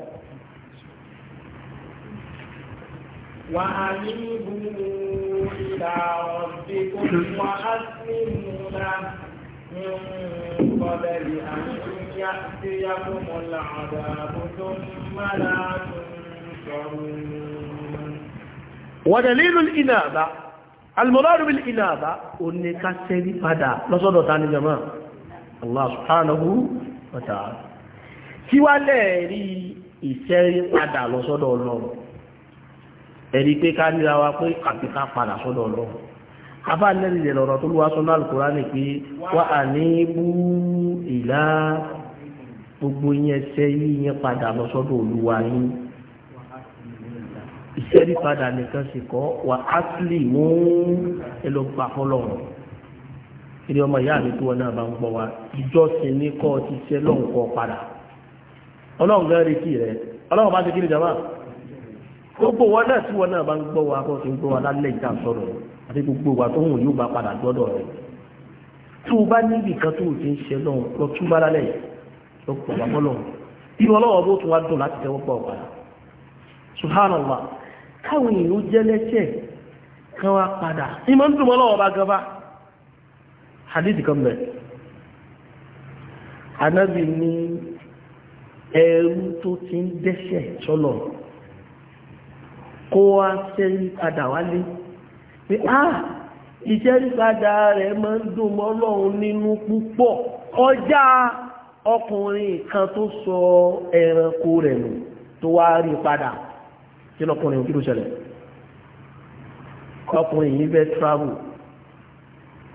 [SPEAKER 2] وأنيبوا إلى ربكم وأسلموا له من قبل أن يأتيكم العذاب ثم لا تنصرون
[SPEAKER 1] wọ̀dẹ̀lílù ìnàbà alìmọ̀lọ́rùn ìnàbà ó ní ká sẹ́rí padà lọ́sọ́dọ̀ ta ní jama Allah subhanahu wa ta'ala kí wá lẹ́ẹ̀rí ìsẹ́rí padà lọ́sọ́dọ̀ ọlọ́run ẹ̀rí pé ká níra wa pé àti padà sọ́dọ̀ ọlọ́run afá lẹ́rí rẹ̀ lọ́rọ̀ tó lúwa sọ́nà alùkùránì pé wà á ní bú ìlà gbogbo yẹn sẹ́yìn yẹn padà lọ́sọ́dọ̀ olúwa yín ìṣẹ́rí padà nìkan sì kọ́ wà á sílì mú ẹlọ́gbà fọlọ́run ilé ọmọ ìyá mi tó wọn náà bá ń gbọ́ wa ìjọsìn ní kọ́ ti ṣe lọ́hùn kọ́ padà ọlọ́run gan retí rẹ ọlọ́run bá ti kí ni jàmbá gbogbo wọn náà tí wọn náà bá ń gbọ́ wa kọ́ ti ń gbọ́ wa lálẹ́ ìjà sọ̀rọ̀ àti gbogbo wa tó hùn yóò bá padà gbọ́dọ̀ rẹ tó o bá níbi kan tó o ti ń ṣe lọ́hùn lọ túbá lálẹ́ yìí lọ pọ̀ wá ọlọ́run bó tún wá dùn láti tẹ́wọ́ pọ̀ padà subhanallah káwọn èèyàn ó jẹ́ lẹ́sẹ̀ kan wá padà ìmọ̀ ń dùnmọ́ lọ́wọ́ bá gaba hadith kan bẹ̀ anábì ní ẹrú tó ti ń dẹ́sẹ̀ sọ́lọ̀ kó wá sẹ́rí padà wálé pé á ah, ìṣẹ́rí padà rẹ̀ máa ń dùnmọ́ lọ́wọ́ nínú púpọ̀ ọjà ọkùnrin kan tó sọ ẹranko rẹ̀ nù tó wá rí padà kí lọ́kùnrin kí ló ṣẹlẹ̀ ọkùnrin yìí fẹ́ travel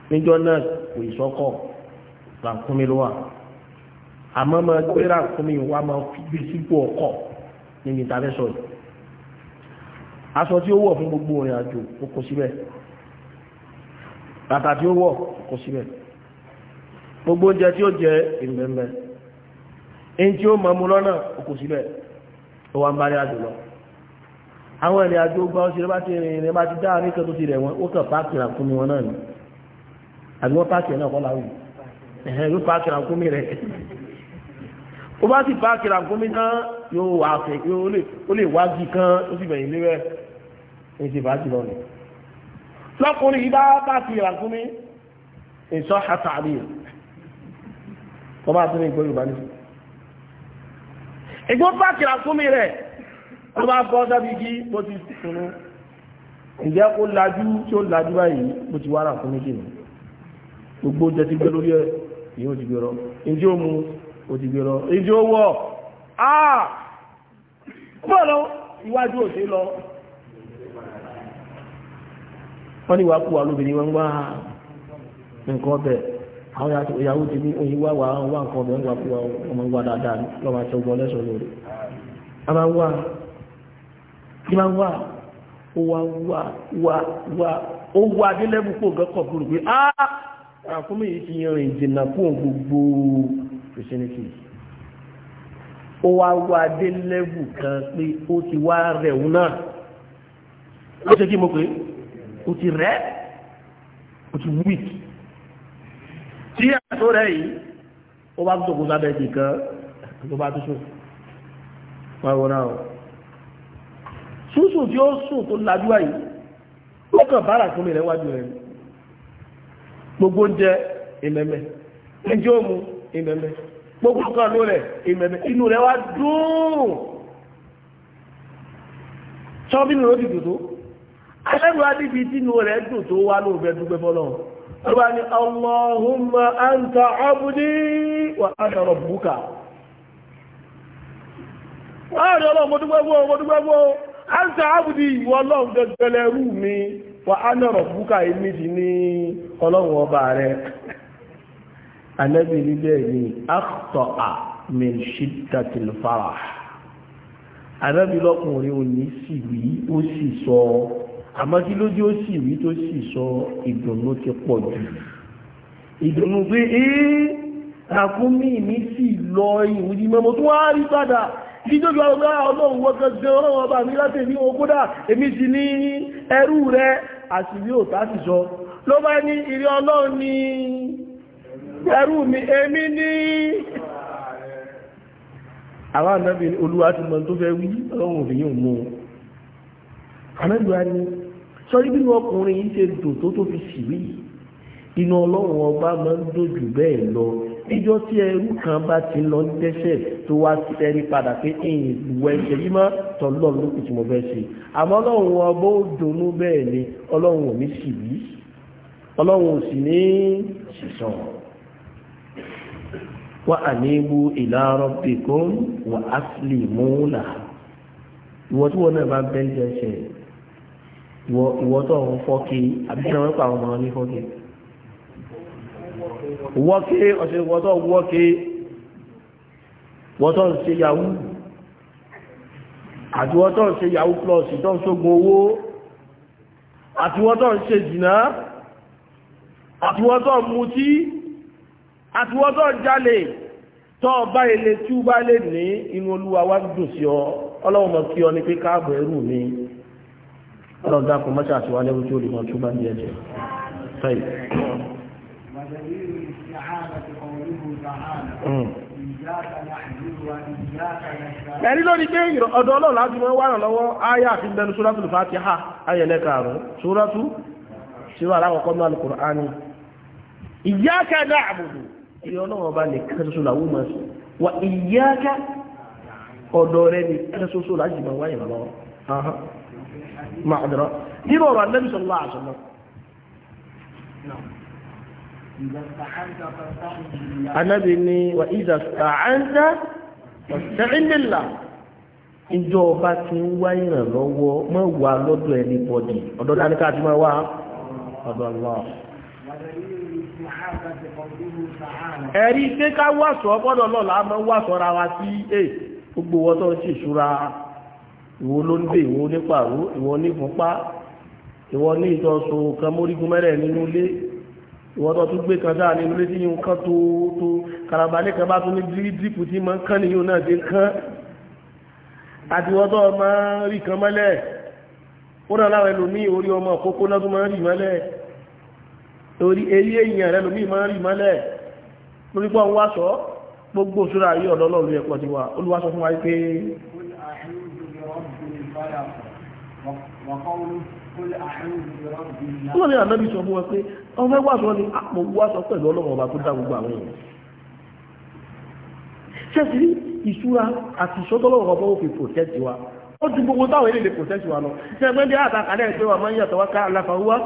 [SPEAKER 1] níjọ́ náà kò ìsọ́kọ̀ ràkúnmi ló wà àmọ́ máa gbé ràkúnmi wá máa fi sípò ọkọ̀ níbi ìtàfẹ́sọ̀ yìí aṣọ tí ó wọ̀ fún gbogbo ìrìn àjò ó kó síbẹ̀ bàtà tí ó wọ̀ kó síbẹ̀ gbogbo oúnjẹ tí ó jẹ ìrìnbẹ̀mẹ̀ èyí tí ó mọ̀ mú lọ́nà ó kó síbẹ̀ ó wá ń bá rí àjò lọ àwọn ẹni àjò ogun àwọn òṣèré bá ti rìn ìrìn bá ti dáa ní kẹtó ti rẹ̀ wọn ó kàn páàkì ràkúnmí wọn náà ni àbí wọ́n páàkì náà kọ́ láwùjọ ẹ̀hẹ́n ló páàkì ràkúnmí rẹ̀ ó bá sì páàkì ràkúnmí náà yóò wà fẹ́ ó lè wájú kan ó sì bẹ̀yìn lébẹ̀ ní ti bàájì lọ ni. lọ́kùnrin yìí bá páàkì ràkúnmí ìṣọ́ àtàlì kọ́ bá tún ní ìgbọ́ Yorùbá ní. ìgbó páàkì ràkúnmí rẹ̀ tó bá bọ́ sábì kí mo ti sùn ǹjẹ́ kó lajú tí ó lajú báyìí mo ti wára fún méjì nù gbogbo oúnjẹ ti gbé lórí ẹ̀ yìí ó ti gbé rọ ǹjẹ́ ó mu ó ti gbé rọ ǹjẹ́ ó wọ̀ áà bọ́ lọ iwájú òsè lọ wọ́n ní wàá kú wa lóbìnrin wọn wá nǹkan ọbẹ̀ àwọn ìyàwó ti ní oyin wá wà wá nǹkan ọbẹ̀ ń wá kú wa ọmọ wa dáadáa lọ́wọ́ àti ọgbọ́n lẹ́sọ̀ọ́ lórí a máa ń wá tí máa ń wà ó wà wà wà wà ó wà ní lẹ́bù kó nǹkan kọ̀ gbòòrò pé á àfúnmi yìí ti yan ìdènà kó gbogbo christianity ó wá wá dé lẹ́bù kan pé ó ti wá rẹ̀ òun náà ó ṣe kí mo pé ó ti rẹ̀ ó ti wíìkì tí àtó rẹ̀ yìí ó bá tó kó sábẹ́ nìkan ló bá tó ṣòfò wá wọ́n náà súnsùn tí ó sùn tó lajú àyè ó bara bára fún mi rẹ̀ wájú rẹ̀ gbogbo oúnjẹ ìmẹ̀mẹ̀ ẹjẹ́ òmu ìmẹ̀mẹ̀ gbogbo kan ló rẹ̀ ìmẹ̀mẹ̀ inú rẹ̀ wá dùn sọ́bínú ló dìdò tó ẹlẹ́rù adébí tínú rẹ̀ dùn tó wá anta abudi wa ana rabbuka. Láàrin ọlọ́run mo dúpẹ́ fún ọ, mo dúpẹ́ fún ánsà ábùdí ìwọ ọlọ́run gẹ́gẹ́lẹ́ rú mi wà á nọ̀rọ̀ búkà èmi sì ní ọlọ́run ọba rẹ̀ anẹ́bí níbẹ̀ ni akhtọ̀ à min shiddatil farah anẹ́bí lọ́kùnrin ò ní sì wí ó sì sọ àmọ́ kí ló dé ó sì wí tó sì sọ ìdùnnú ti pọ̀ jù ìdùnnú pé ee àkúmí mi sì lọ ìwúdí mọ́mọ́ tó wá rí padà ìjọba ọgbà ọlọ́run ah, wọ́gán jẹ ọlọ́run ọba mi láti ní ogódà èmi ti ní ẹrú rẹ àti bí òtá ti sọ ló bá ní ìrí ọlọ́run ní ẹrú mi èmi ní àwọn ànábì olúwa ti mọ̀ tó fẹ́ wí ọlọ́run òfin mú ànábìwá ní sọ́rí bí ọkùnrin níjọ́ tí ẹrú kan bá ti lọ dẹ́ṣẹ̀ tó wá sẹ́rí padà pé ẹ̀yìn ìwọ ẹ̀ṣẹ̀ yìí mọ́ tọ́lọ́run ló kù tí mo fẹ́ ṣe àmọ́ ọlọ́run ọbọ̀ ó dùnnú bẹ́ẹ̀ ni ọlọ́run ò ní sì wí ọlọ́run ò sì ní sísọ wa àníbu ila rabbikum wa aslimu lahu ìwọ tí wọn náà bá bẹ́ẹ̀ jẹ́ ṣẹ̀ ìwọ tó ń fọ́kì àbí tí wọn pa ọmọ ní fọ́kì wọ́ké ọ̀ṣẹ́ wọ́tọ̀ wọ́ké wọ́tọ̀ ṣe yahoo àti wọ́tọ̀ ṣe yahoo plus tó ń ṣógun owó àti wọ́tọ̀ ṣe jìnà àti wọ́tọ̀ mutí àti wọ́tọ̀ jalè tọ́ ọba ilé tí ó bá lè ní inú olúwa wá dùn sí ọ ọlọ́run mọ̀ kí ọ ní pé káàbọ̀ ẹrù mi ọlọ́run dákun mọ́ṣáàtì wá lẹ́rú tí ó lè mọ́ tó bá
[SPEAKER 2] Mm. ẹ̀rí lórí
[SPEAKER 1] pé ọ̀dọ̀ ọlọ́run láti mọ́ wà lọ́wọ́ ayé àfi lẹ́nu sóràtù fàtíhà ayẹ̀lẹ́ karùn-ún sóràtù sírò aláwọ̀kọ́ náà ní kùránì ìyáka na'budu ìyá ìyáka anabi ni wa iza sa'anta fasta'in billah ìjọ ọba ti ń wá ìrànlọ́wọ́ mọ́ wà lọ́dọ̀ ẹni bọ́dì ọ̀dọ̀ dání káàdì máa wá ọ̀dọ̀ lọ. ẹ̀rí pé ká wàṣọ gbọ́dọ̀ lọ́la máa wàṣọ ra wa sí ẹ̀ eh, gbogbo wọn tó ń ṣe ìṣúra ìwọ ló ń gbé ìwọ onípàrọ̀ ìwọ onífúnpá ìwọ ní ìtọ́sọ kan mórígun mẹ́rẹ̀ nínú ilé ìwọ́tọ̀ tó gbé kan dáa ní ilé tí yíò kán tó tó karabalẹ̀ kan bá tún ní dírídìpù tí ma ń kán ní yíò náà dé kán àti ìwọ́tọ̀ ma ń rí kan mọ́lẹ̀ ó náà láwọn ẹlòmí orí ọmọ kókó náà tó ma ń rí mọ́lẹ̀ orí eré èèyàn rẹ lòmí ma ń rí mọ́lẹ̀ lórí pọ́ wá gbogbo òṣùra yìí ọ̀dọ́
[SPEAKER 2] Ọlọ́run
[SPEAKER 1] ànábì sọ fún wọn pé ọmọ ẹgbẹ́ àṣọ ni àpò wá sọ pẹ̀lú ọlọ́run ọba tó dá gbogbo àwọn èèyàn. Ṣé sì rí ìṣúra àti ìṣọ́tọ́lọ́run ọba ó fi protect wa? Ó ju gbogbo táwọn eléyìí lè protect wa lọ. Ṣé ẹgbẹ́ bí àtàkàlẹ̀ ẹ̀ pé wà máa ń yàtọ̀ wá ká aláfàwọ́?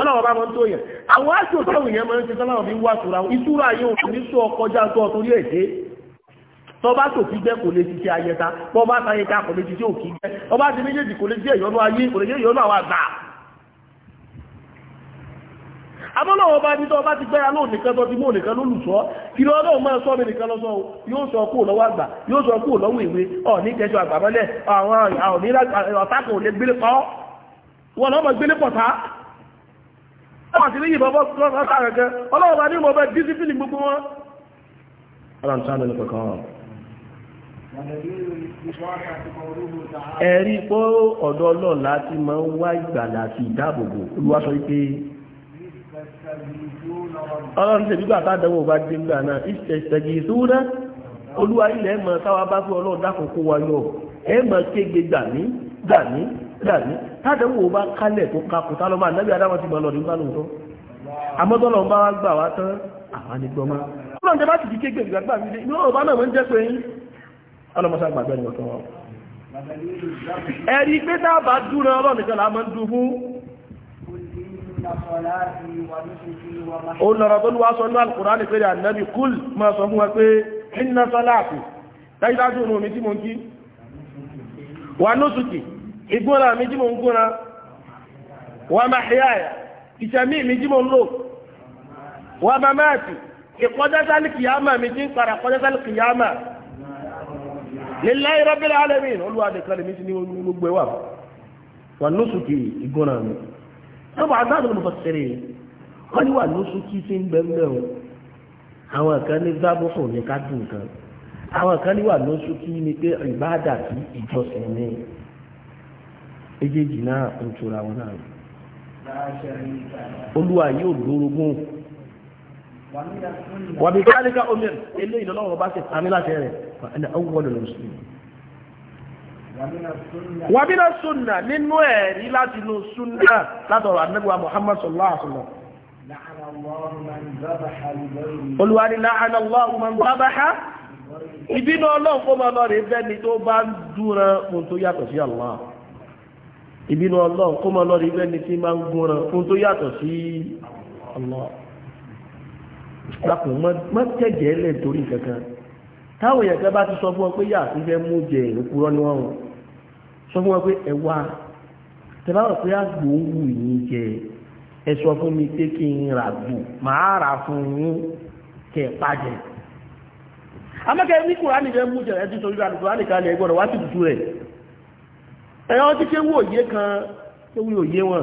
[SPEAKER 1] ọlọ́wọ́ bá mọ́ tó yẹn àwọn aṣòfin òyìn máa ń ṣe sọ́lọ́wọ́ bí wà ṣùra ìṣúra yóò ní sọ ọkọjá tó ọtún yóò tọba tó kí jẹ́ kò lè ti ṣe ayẹta bọ́bá sáyẹta kò lè ti ṣe òkí jẹ́ ọba ti méjèèjì kò lè jẹ́ ìyọnú ayé kò lè jẹ́ ìyọnú àwọn àgbà bá ní ti gbẹ́ra lóò nìkan tọ́ ti nìkan lólùsọ́ kí lọ máa sọ́ sọ lọ́wọ́ àgbà yóò sọ lọ́wọ́ ìwé ọ̀ní kẹjọ àgbàmọ́lẹ̀ àwọn ẹ̀rí pé ọ̀dọ̀ ọlọ́ọ̀lá ti máa ń wá ìgbàlà àti ìdáàbòbò Olúwa sọ wípé ọlọ́run tẹ̀bí gbà tádẹ̀wò bá dé ńgbà náà ìṣẹ̀ṣẹ̀gì ìṣúná olúwa ilẹ̀ mọ̀ táwa bá fún ọlọ́run dákùn kó wa yọ ẹ mọ̀ kége gbàmí gbàmí gbàmí tádẹ̀wò bá kálẹ̀ tó kakùn tá lọ́mọ ànábì adáwọn ti mọ̀ lọ́dún bá lóòótọ́ àmọ́tọ́lọ́run bá wá gbà wá tán
[SPEAKER 2] àwọn ànigbọ́mọ́
[SPEAKER 1] ọlọ́run tẹ bá ti di kége gbàgbà mi ọlọ́mọsá gbàgbẹ́ ni ọ̀tọ́ wọn
[SPEAKER 2] ẹ̀rí pé dábà dúró ọlọ́ nìkan la máa ń dú fún olùrọ̀ tó
[SPEAKER 1] lúwá sọ ní alùkùrá ní pé rẹ̀ ànábì kúl máa sọ fún wa pé iná sọ́láàkù dájúdájú òun mi tí mo ń kí wà nóṣùkì ìgbóra mi tí mo ń gbóra wà máhíyáyà ìṣẹ̀mí mi tí mo ń lò wà mámáàtì ìkọjá sálì kìyàmà mi tí ń padà kọjá kìyàmà lillahi rabbil alamin olúwa nìkan lèmi ti ní gbogbo ẹwà wà lóṣùkì ìgbóná mi lọ́pọ̀ àgbàdo mo fọ́ sẹ́rẹ̀ wọ́n ní wà lóṣùkì tí ń bẹ́ẹ̀ àwọn kan ní zábùsùn ní ká dùn kan àwọn kan ní wà lóṣùkì ní pé ìbáàdà sí ìjọsìn ní èjèèjì náà ń tura wọn náà olúwa yóò lórogún wàbí káríkà omi eléyìí lọ́wọ́ bá ṣe tàmí láṣẹ rẹ̀ فأنا أول المسلمين ومن السنة من وين لا السنة لا ترى النبي محمد صلى الله عليه وسلم قل وأن لعن الله من ذبح ibinu tó bá ń dúnra tó sí Allah ìbínú ọlọ́run tí máa ń Allah lápò torí kankan táwọn èèyàn kan bá ti sọ fún wọn pé yà tó fẹ́ mú jẹ ìrúkúrọ́ ní wọn sọ fún wọn pé ẹ wá tẹ́lá rọ̀ pé àgbò ń wù yín jẹ ẹ sọ fún mi pé kí n rà gbò màá rà fún yín kẹ pàjẹ. amákẹ́ ní kùránì fẹ́ mú jẹ ẹ ti sọ wípé àlùkùránì kan lè gbọ́dọ̀ wá sí tutù rẹ̀ ẹ̀yọ́ ti kéwú òye kan kéwú òye wọn.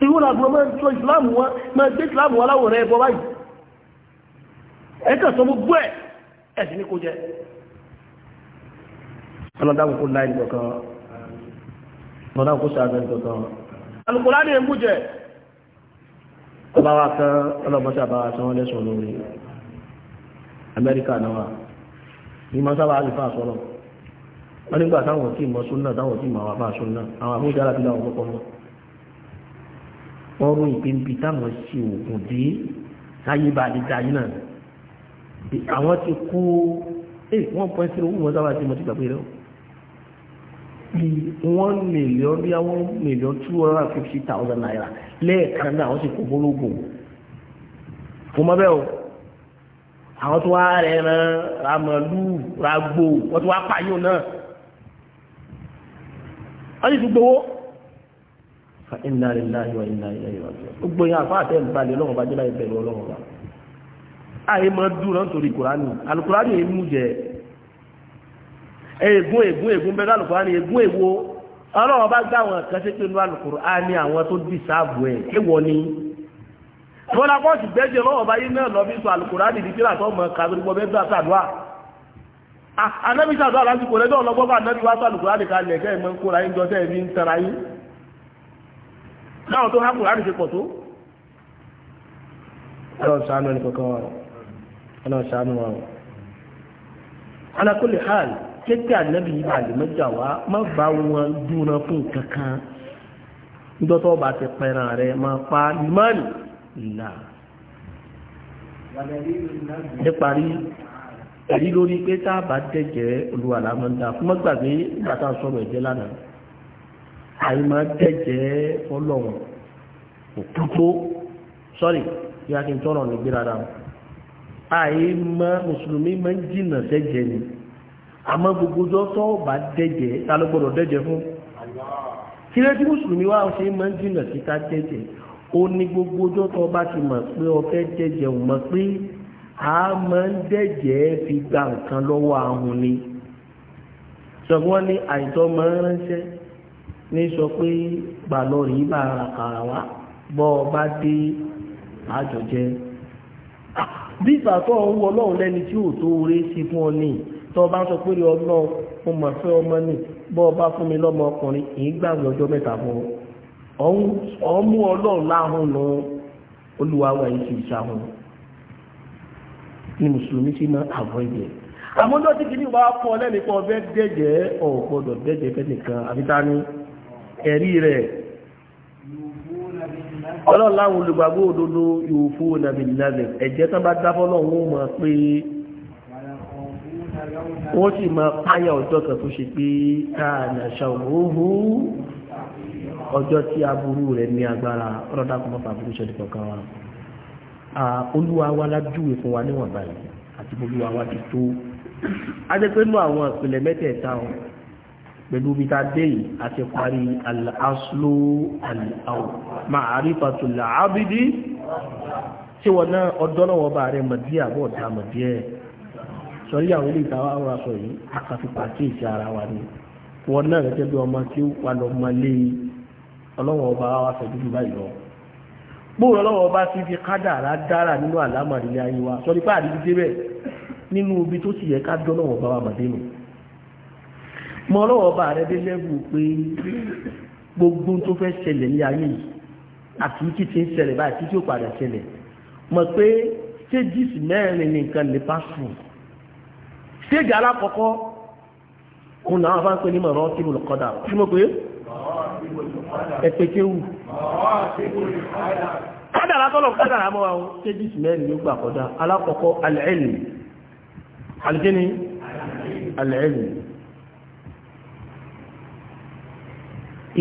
[SPEAKER 1] ìwọ́n làbúrò máa ń tọ́ ìsìláàmù wọn máa gbé ìsìláàmù wọn láwòrán ẹbọ báyìí ẹ̀kà sọ gbogbo ẹ̀ ẹ̀sì ní kó jẹ́ ọlọ́dáwòkó láì nìkan ọlọ́dáwòkó sàárẹ̀ nìkan alùpùpù ní ẹ̀mú jẹ́ ọba wa kan ọlọ́mọṣẹ́ àbáwá tí wọ́n lẹ́sùn lórí amẹ́ríkà náà ní mọ́ sábà àlùfà sọ́nà wọ́n nígbà táwọn tí mọ́ súnà táwọn tí mọ́ àwọn àfà súnà àwọn àmújára bí láwọn kọ́kọ́ náà wọ́n rún ìpínbi táwọn ṣe òògùn dé láyé bá lè dáyé náà àwọn ti kó ẹ̀ eh, wọ́n pọ́n sí owó wọn sábà tí mo ti gbàgbé rẹ̀ bí one million bí àwọn million two hundred and fifty thousand naira lẹ́ẹ̀kan náà àwọn sì kó bólógùn fún mọ́ bẹ́ẹ̀ o àwọn tó wá rẹ̀ ràn ramọ̀lú ragbó wọ́n tó wá pààyàn náà wọ́n sì tún gbowó fa inna lillahi wa inna ilayhi raji'un gbogbo yẹn àfa àtẹ ìbalẹ̀ ọlọ́run bá jẹ́ láì bẹ̀rù ọlọ́run bá àyè máa dúró nítorí kùránì alukurani yìí mú jẹ egun egun egun bẹ́ẹ̀ alukurani egun ewo ọlọ́run bá gbá àwọn kan ṣépè nínú alukurani àwọn tó dì sáàbù ẹ̀ ewọ ni bọ́lá bọ́ọ̀sì gbẹ́jẹ lọ́wọ́ bá yín náà lọ bí sọ alukurani di kíláàsì ọmọ kàdúgbò bẹ́ẹ̀ gbà sàdúà anábì sàdúà lásìkò lẹ́jọ́ ọlọ́gbọ́n bá anábì wá sọ alukurani kalẹ̀ kẹ́ ẹ̀ mọ́ ń kóra yín jọ láwọn tó hápù láti ṣe pọ̀ tó ọlọ́run ṣàánú ẹni kankan wa ọlọ́run ṣàánú wa o ala kulli hal kékeré ànábì yìí bá lè mẹ́jà wá má bá wọn dúnra fún kankan ndọ́tọ́ bá ti pẹ̀ràn rẹ̀ máa pa limani ìlà
[SPEAKER 2] ẹ parí
[SPEAKER 1] lórí pé tá a bá dẹ̀jẹ̀ olùwàlámọ́dá fún mọ́gbàgbé ìgbà tá a sọ̀rọ̀ ẹ̀jẹ̀ lánàá àìmọ̀ tẹ̀jẹ́ fọlọ́run òkútó sọ́rí bí a kì í tọ́nà ní gbéra dáa àìmọ̀ mùsùlùmí máa ń jìnà tẹ̀jẹ́ ni àmọ́ gbogbo ọjọ́ tó bá tẹ̀jẹ́ ta ló gbọ́dọ̀ tẹ̀jẹ́ fún kí lẹ́tí mùsùlùmí wá ṣe máa ń jìnà sí ká tẹ̀jẹ́ ó ní gbogbo ọjọ́ tó bá ti mọ̀ pé ọfẹ́ tẹ̀jẹ́ ò mọ̀ pé a máa ń tẹ̀jẹ́ fi gba nǹkan lọ́wọ́ ahun ni sọ̀gbọ́n ní àìtọ́ máa ń ránṣẹ́ ní sọ pé gbàlọ́ rí bá ara kàrà wá bọ́ ọba dé àjọjẹ ah, bí ìfàtọ́ ń wọ ọlọ́run lẹ́ni tí ò tó oore sí fún ọ ní tọ́ bá sọ pé ọlọ́run mọ̀ fẹ́ ọmọ ní bọ́ ọba fún mi lọ́mọ ọkùnrin kì í gbàgbé ọjọ́ mẹ́ta fún ọ ọmú ọlọ́run láhùn nù olùwàwà yìí ti ṣàhùn ni mùsùlùmí sí máa àbọ̀ ìgbẹ́ àmọ́jọ́ tí kìíní wàá fọ́ lẹ́nìkan ọbẹ̀ dẹ́jẹ́ ò gbọ́dọ̀ dẹ́jẹ́ fẹ́nìkan àbítání ẹ̀rí rẹ̀ ọlọ́run láwọn olùgbàgbọ́ òdodo yóò fún nàbì nàbẹ̀ ẹ̀jẹ̀ tán bá dáfọ́ lọ́wọ́ mọ̀ pé wọ́n sì máa páyà ọjọ́ kan tó ṣe pé káàdà ṣàwòrò ọjọ́ tí aburú rẹ̀ ní agbára ọlọ́dàkùnmọ́ fàbúrú ṣẹlẹ̀ kọ̀ọ̀kan wa olúwa wa lájúwe fún wa níwọ̀n báyìí àti olúwa wa ti tó adẹ́pẹ́nu àwọn ìpìlẹ̀ mẹ́tẹ̀ẹ̀ta ọ̀hún pẹ̀lú bí ta dé yìí àti parí al'aslo al'awọ̀ ma'arifatu al'abidi tí wọ́n náà ọdọ́ náà wọ́n bá rẹ̀ mọ̀dí àbọ̀ ọ̀dá mọ̀dí ẹ̀ sọrí àwọn ilé ìtawà àwọn aṣọ yìí àkàfi pàkíyèsí ara wa ni wọ́n náà rẹ̀ tẹ́lẹ̀ ọmọ tí wà lọ mọ lé ọlọ́wọ́n ọba wa fẹ́ dúdú báyìí lọ gbóòrò ọlọ́wọ́n ọba ti fi kádàrá dára nínú àlámọ̀rí ayé wa sọ nípa àdìgbé nínú ibi tó sì yẹ ká dọ́ náà wa mọ̀dé mọ ọlọ́wọ́ bá rẹ dé lẹ́bù pé gbogbo tó fẹ́ ṣẹlẹ̀ ní ayé yìí àti kí ti ń ṣẹlẹ̀ báyìí títí ó padà ṣẹlẹ̀ mọ̀ pé stages mẹ́rin nìkan lè pass through stage alákọ̀ọ́kọ́ òun náà bá ń pè ní mọ̀rọ́ tí mo lọ kọ́dà tí mo pé ẹ̀pẹ̀ kéwù kọ́dà látọ́lọ̀ kọ́dà àmọ́ àwọn stages mẹ́rin ló gbà kọ́dà alákọ̀ọ́kọ́ alẹ́ẹ̀lì alẹ́ẹ̀lì alẹ́ẹ̀lì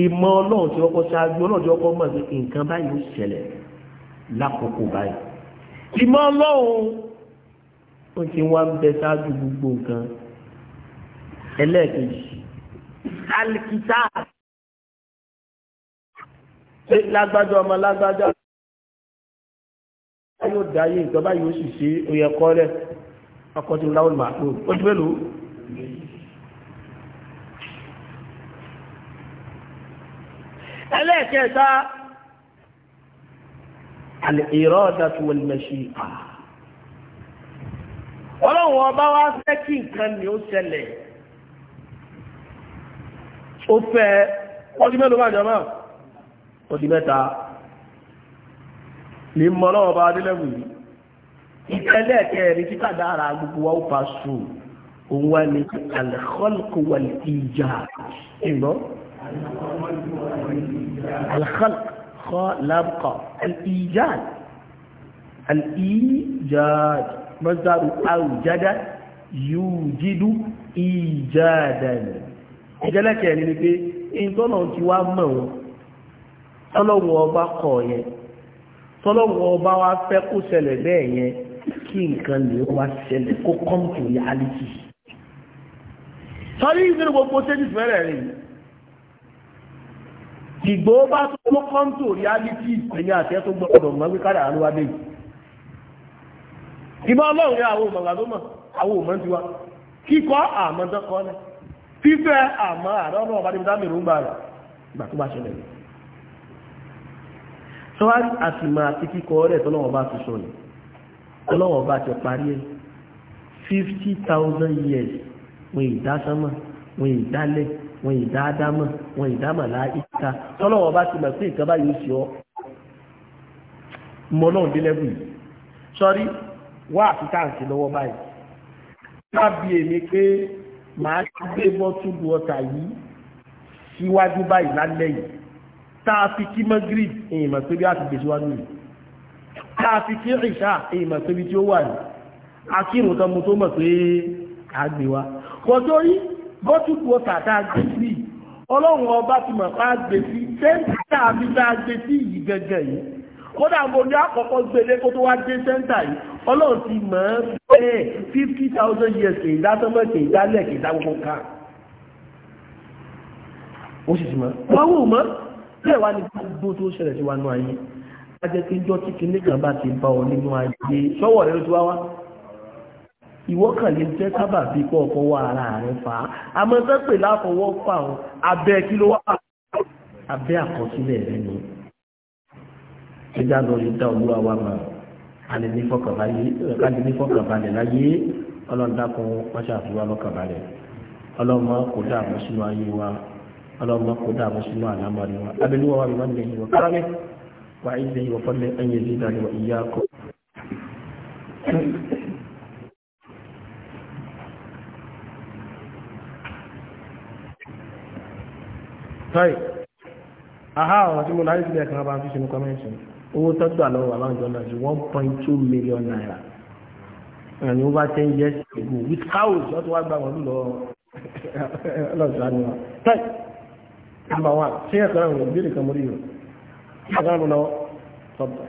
[SPEAKER 1] ìmọ̀ ọlọ́run tí ọkọ̀ ṣáájú ọlọ́run tí ọkọ̀ mọ̀ sí nǹkan báyìí ó ṣẹlẹ̀ lákòókò báyìí ìmọ̀ ọlọ́run ó ti wá ń bẹ ṣáájú gbogbo nǹkan ẹlẹ́ẹ̀kejì alikita lágbájá ọmọ lágbájá yóò dáyé ìjọba yóò sì ṣe oyè kọ́ rẹ̀ ọkọ̀ tí ń láwọn màá tó ó mélòó ẹlẹ́ẹ̀kẹta al-iradatu wal-mashi'a ọlọ́run ọba wá fẹ́ kí nǹkan ni ó ṣẹlẹ̀ ó fẹ́ ọdún mẹ́lò bá jọmọ́ ọdún mẹ́ta ní mọ́lọ́ ọba adélẹ́wù yìí títà dára gbogbo wa ó fa sùn òun wá ní al-khalq wal-ijad ìgbọ́
[SPEAKER 3] الخلق
[SPEAKER 1] خلق الإيجاد الإيجاد مصدر أوجد يوجد إيجادا ìjẹ́lẹ̀ kẹrin ni pé in tọ́nà ti wá mọ̀ wọn tọ́lọ́wọ́ ọba kọ̀ yẹn tọ́lọ́wọ́ ọba wá fẹ́ kó ṣẹlẹ̀ bẹ́ẹ̀ yẹn kí nǹkan lè wá ṣẹlẹ̀ kó come to reality. sọ́rí ìgbẹ́rù gbogbo ṣé ní ìfẹ́ rẹ̀ rèé tìgbò bá tó mọ́ kọ́ńtò reality ẹ̀yìn àtẹ́ tó gbọ́dọ̀ mọ́ pé káàdà àánú wa dé yìí ìmọ̀ ọlọ́run yà àwọn òmọ̀gbà tó mọ̀ àwọn òmọ̀ ti wá kíkọ́ àmọ́ tọ́kọ́ lẹ́ fífẹ́ àmọ́ àrọ́ ọlọ́run bá níbi dámì rúgbà rẹ̀ ìgbà tó bá ṣẹlẹ̀ sọ́wárí àtìmọ̀ àti kíkọ́ rẹ̀ tọ́lọ́wọ́ bá ti sọ ni ọlọ́wọ́ bá ti parí ẹ̀ 50,000 years wọn ìdá ádámọ̀ wọn ìdá màláíkà tọ́lọ́wọ́ bá ti mọ̀ pé nǹkan báyìí ó ṣe ọ́ mọ́ náà délẹ́bù yìí sọ́rí wá àfitáǹsì lọ́wọ́ báyìí wá bí èmi pé màá gbé bọ́túlù ọ̀tà yìí síwájú báyìí lálẹ́ yìí tá a fi kí magrib èyí mọ̀ pé bí a ti gbèsè wájú yìí tá a fi kí ìṣá èyí mọ̀ pé bí tí ó wà ní akírun tán mo tó mọ̀ pé àgbè wa kọjọ́ yìí bottled water tá a gbé sí ọlọ́run ọba ti mọ̀ pa gbé sí sẹ́ńtà àbí tá a gbé sí yìí gẹ́gẹ́ yìí kódà mo ní àkọ́kọ́ gbélé kó tó wá dé sẹ́ńtà yìí ọlọ́run ti mọ̀ ẹ́ bẹ́ẹ̀ fifty thousand years kì í dá sọ́mọ́ kì í dálẹ̀ kì í dá gbogbo ká ó sì ti mọ̀ wọ́n wò mọ́ bẹ́ẹ̀ wá ní gbogbo tó ṣẹlẹ̀ sí wa nú ayé a jẹ́ pé jọ́ tí kinní kan bá ti bá ọ nínú ayé sọ́wọ́ rẹ̀ ló ti wá wá ìwọ́kàn lè jẹ́ sábà bí kọ́ ọkọ̀ wọ ara rẹ̀ fà á àmọ́ sẹ́pẹ̀ láfọwọ́ fà ọ́ abẹ́ kí ló wà abẹ́ àkọsílẹ̀ rẹ̀ ni ẹja lọ lè dá olúwa wa mọ̀ alẹ́nífọ̀kànbalẹ̀ láyé ọlọ́dàkùn wọ́n ṣàfihàn lọ́kànbalẹ̀ ọlọ́mọ kò dààmú sínú ayé wa ọlọ́mọ kò dààmú sínú àlámọ́rí wa abẹ́lúwà wa mi máa ń lẹ́yìn wọ́n kárẹ́ wà á ń lẹ́yìn wọ́n fọ́lẹ́ ẹ̀yìn ìdíjà ni wọ́n ìyá kọ́. tọ́yì aha àwọn tí mo láyé sílẹ̀ kan bá fi sínú kọ́mẹ́ǹtì owó tọ́gbà lọ́wọ́ bàbá ìjọ náà ju one point two million naira ẹni ó bá ten years ago with cows wọ́n ti wá gba wọn lọ ọlọ́sàn-án ni wọn tọ́yì àmà wa ṣé ẹ̀ka náà wọ̀ bíi kan mo rí o ṣé ẹ̀ka náà lọ tọ́gbà.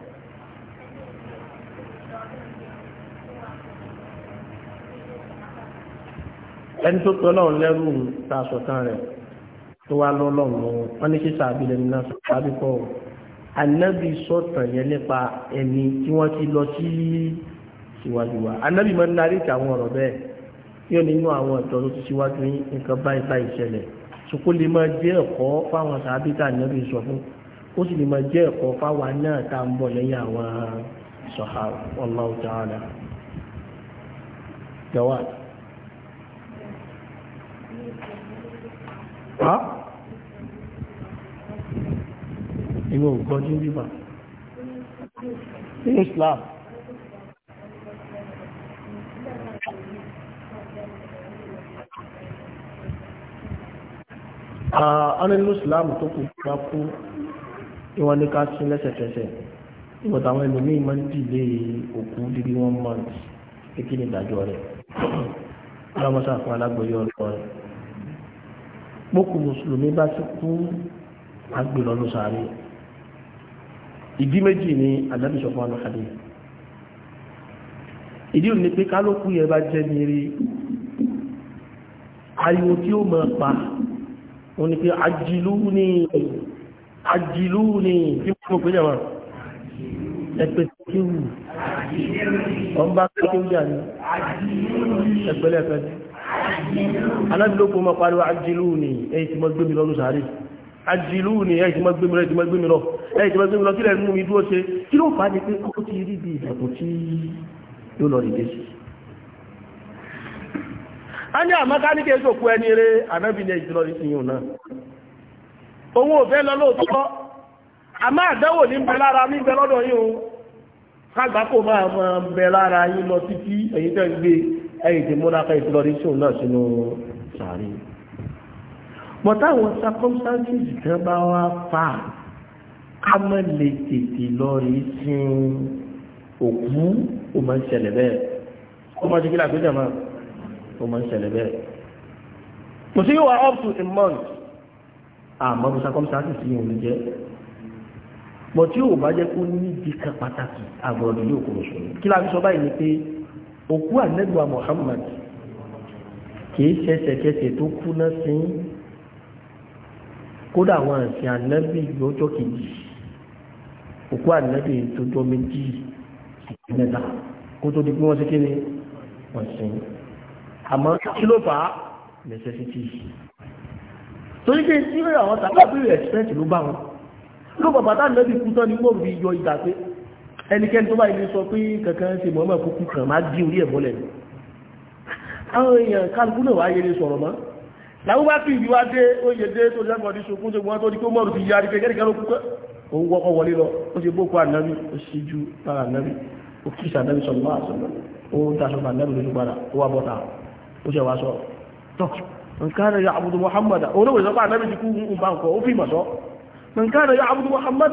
[SPEAKER 1] ẹni tó tọ́ náà lẹ́rù ta sọ̀tàn rẹ̀ tó wá lọ́lọ́run wọn ní sísá abilẹ̀ nínú sábẹ́ pọ̀ anabi sọ̀tàn yẹn nípa ẹni tí wọ́n ti lọ sí síwájú wa anabi máa ń darí ti àwọn ọ̀rọ̀ bẹ́ẹ̀ yóò nínú àwọn ìtọ́ tó ti síwájú yín nǹkan báyìí báyìí ṣẹlẹ̀ sùkú lè máa jẹ́ ẹ̀kọ́ fáwọn sábẹ́ tá anabi sọ fún ó sì lè máa jẹ́ ẹ̀kọ́ fáwọn náà tá ń bọ̀ lẹ́yìn àwọn sọ̀hà wallahu ta'ala. jawab ha inú ògọ́jú bíbà ní Islam anínú Islam tó kù ká kú ìwọ́n ní ká sí lẹ́sẹ̀kẹsẹ̀ ìgbọ̀ta àwọn ẹlòmí ìmọ̀ dìlé òkú dídí one month kékeré ìdájọ́ rẹ̀ ọlọ́mọsá fún alágbóyọ́ ọlọ́rẹ̀ pókù mùsùlùmí bá ti kú agbèrọ̀nù sàárè ìdí méjì ni àdábì sọ fún àwọn àdé ìdí òní pé kálókù yẹ bá jẹ́ nírí ariwo tí ó mọ̀ pa òun ni pé ajìlú ni ajìlú ni tí mo pè jẹ́wọ̀n ẹgbẹ́ tí ó wù ọ̀n bá kéwù jà ní ẹgbẹ́lẹ́fẹ́ alábìlókò ma pariwo ajilúni ẹ̀yìn tí mọ́ gbé mi lọ lóṣàárì ajilúni ẹ̀yìn tí mọ́ gbé mi lọ ẹ̀yìn tí mọ́ gbé mi lọ ẹ̀yìn tí mọ́ gbé mi lọ kí lẹ́nu mi dúró ṣe kí ló fà á ní pé ó ti rí bí ìdàkùn tí yóò lọ rìndé sí a ní àmọ́ká ní kéèkó kú ẹni rẹ̀ ànábì ní ẹ̀jì lọ rí sí yìí náà òun ò fẹ́ lọ lóòótọ́ àmọ́ àdánwò ní bẹ lára ní bẹ lọ́dọ̀ yìí o kágbákò máa bẹ lára yìí lọ títí ẹ̀yìn tẹ́ ń gbé ẹ̀yìn tí múra ká ìtura rí sóun náà sínú sàárì mọ̀ táwọn circumstances kan bá wá fà ká mọ̀ lè tètè lọ rí sin òkú ó máa ń ṣẹlẹ̀ bẹ́ẹ̀ ó máa ń ṣe kí làgbéjà máa ó máa ń ṣẹlẹ̀ bẹ́ẹ̀ kò sí yóò up to a month àmọ́ bí circumstances yìí ò ní jẹ́ mọ̀ tí yóò bá jẹ́ kó ní ìdí kan pàtàkì àgbọ̀dọ̀ yóò kúrò sọ̀rọ̀ kí láti báyìí ni pé òkú ànẹ́gbà Muhammad kìí ṣẹṣẹkẹsẹ tó kú náà sí kódà àwọn àṣìn ànẹ́bì lọ́jọ́ kejì òkú ànẹ́bì tó jọ méjì mẹ́ta kó tó di pé wọ́n sí kí ni wọ́n sí àmọ́ kí ló fà á necessity torí pé tí àwọn tàbí àbúrò expense ló bá wọn ló bàbá tá ànẹ́bì kú tán ni wọ́n fi yọ ìgbà pé ẹnikẹ́ni tó bá ibi sọ pé kankan ṣe mọ́mọ́ kúkú kan máa di orí ẹ̀ mọ́lẹ̀ àwọn èèyàn kálukú náà wáyé lè sọ̀rọ̀ mọ́ làwọn bá fi ìdí wá dé oyè dé tó lẹ́kọ̀ọ́ ní ṣokún tó gbọ́n tó di pé mọ́rù ti yarí pé kẹ́ríkẹ́ ló kú pé òun wọ́kọ́ wọlé lọ ó ṣe boko ànábì ó ṣe ju para ànábì ó kí ìsànábì sọ lọ́wọ́ àṣọlọ́ ó ń taṣọ pa ànábì lójú padà ó wà bọ́ta ó ṣe wá sọ tọ́ nǹkan rẹ̀ yà àbùdù Muhammad olówó ìsọpá ànábì ti kú ń bá nǹkan ó fi mọ̀ sọ nǹkan rẹ̀ yà àbùdù Muhammad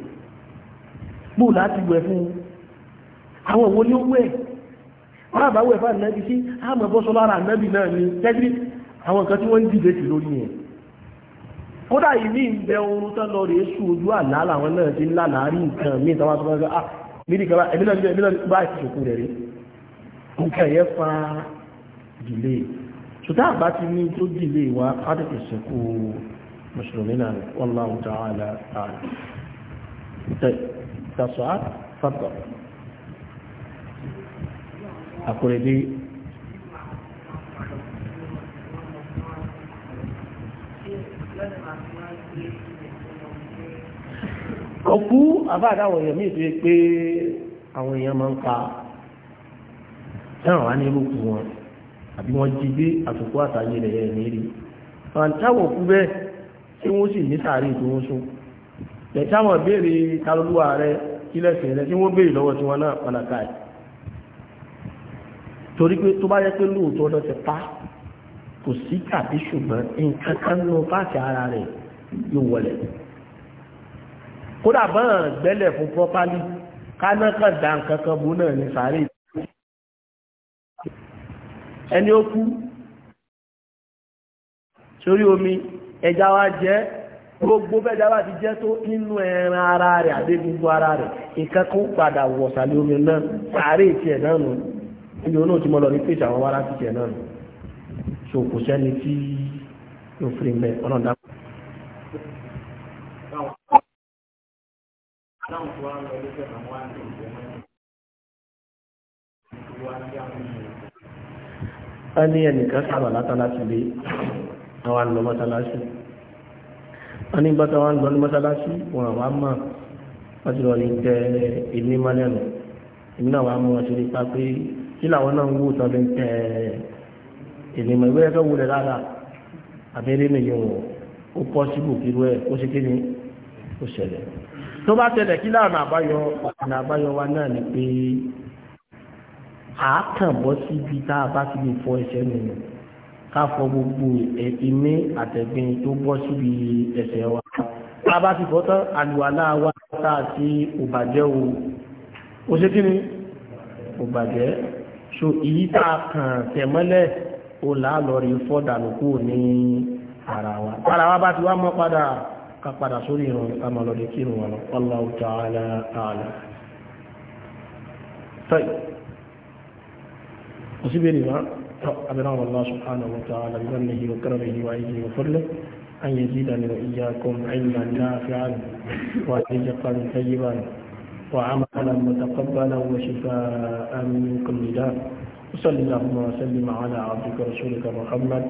[SPEAKER 1] bó láti wẹ̀ fún àwọn òwò ní ó wẹ̀ wọ́n àbá wẹ̀ fáà nẹ́bí sí àmọ́ bọ́sọ lára nẹ́bí náà ni tẹ́gbí àwọn nǹkan tí wọ́n ń dìbè sí lórí yẹn kódà ìní ìbẹ oorun tán lọ rèé sùn ojú àlá làwọn náà ti ń lá láàrí nǹkan míì táwọn sọ fẹ́ ah mídìí kan ẹ̀mí náà ẹ̀mí náà bá ti sòkò rẹ̀ rí nǹkan yẹn fa dìlé ṣùtá àbá ti ní tó dìlé wa á tètè sẹ́kù mùsùlùmí náà wallahu ta'ala تسعة تفضل أقول لي òkú àbáàdá àwọn èèyàn míì tó yẹ pé àwọn èèyàn máa ń pa ẹ̀ràn wá ní irúkú wọn àbí wọ́n jí gbé àtòkú àtàyè rẹ̀ ẹ̀ ní rí àwọn òkú bẹ́ẹ̀ tí wọ́n sì ní sàárè tó wọ́n sún lẹ́tàwọn béèrè kálùlúwà rẹ kílẹ̀sẹ̀ rẹ tí wọ́n béèrè lọ́wọ́ tí wọ́n náà pàdàkà ẹ̀ torí pé tó bá yẹ pé lóòótọ́ ọdọ́ ti pa kò sí tàbí ṣùgbọ́n nǹkan kan nínú páàkì ara rẹ̀ yóò wọlẹ̀ kódà bọ́n gbẹ́lẹ̀ fún pọ́pálì káná kan dá nǹkan kan bú náà ní sàárè ẹni ó kú sórí omi ẹja wa jẹ́ gbogbo bẹ́ẹ̀dá bá ti jẹ́ tó nínú ẹran ara rẹ̀ àdé gbogbo ara rẹ̀ nǹkan kan padà wọ̀sà lé omi náà sàárè ìtì ẹ̀ náà nù ibi òun náà ti mọ lọ ní pèsè àwọn wàrà ti tiẹ̀ náà nù so kò sẹ́ni tí yóò fi rí mẹ́ ọ̀nà dá. a ẹnìkan sábà látàlá ti lé àwọn àlọ́ sí i wọ́n ní bọ́tà wọn lọ ní mọ́sálásí wọn àwọn àmà wọ́n ti lọ ní tẹ ilé mọ́lẹ́nu èmi náà wàá mú wọn ṣe nípa pé kí làwọn náà ń wò tán fi ń tẹ ilé mọ́ ìwé ẹ̀kọ́ wulẹ̀ rárá abẹ́rẹ́ nìyẹn wọ̀ ó pọ́ síbò kí irú ẹ̀ ó ṣe kí ni ó ṣẹlẹ̀ tó bá tẹ̀lẹ̀ kí láàrín àbáyọ ọ̀nà a bá ti lè fọ ẹsẹ̀ nìyẹn ká fọ gbogbo ìní àtẹ̀gbin tó bọ́ síbi ẹsẹ̀ wa tá a bá ti fọ́ tán àlùwàlá wa tá a ti òbàjẹ́ o ó ṣe kí ni òbàjẹ́ so èyí tá a kàn tẹ̀mọ́lẹ̀ ó láàlọ́ rí fọ́ dànù kúrò ní ara wa ara wa bá ti wá mọ́ padà ká padà sórí ìrùn amọ̀lọ́dẹ kírun wọn Allahu ta'ala ta'ala tọ́yì kò síbi ènìyàn أبناء الله سبحانه وتعالى بمنه وكرمه وعزه وفضله أن يزيدني وإياكم علما نافعا ورزقا طيبا وعملا متقبلا وشفاء من كل داء وصل اللهم وسلم على عبدك ورسولك محمد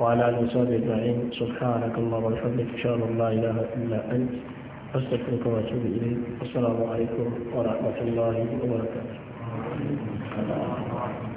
[SPEAKER 1] وعلى آله وصحبه أجمعين سبحانك اللهم وبحمدك أشهد أن لا إله إلا أنت أستغفرك وأتوب إليك والسلام عليكم ورحمة الله وبركاته.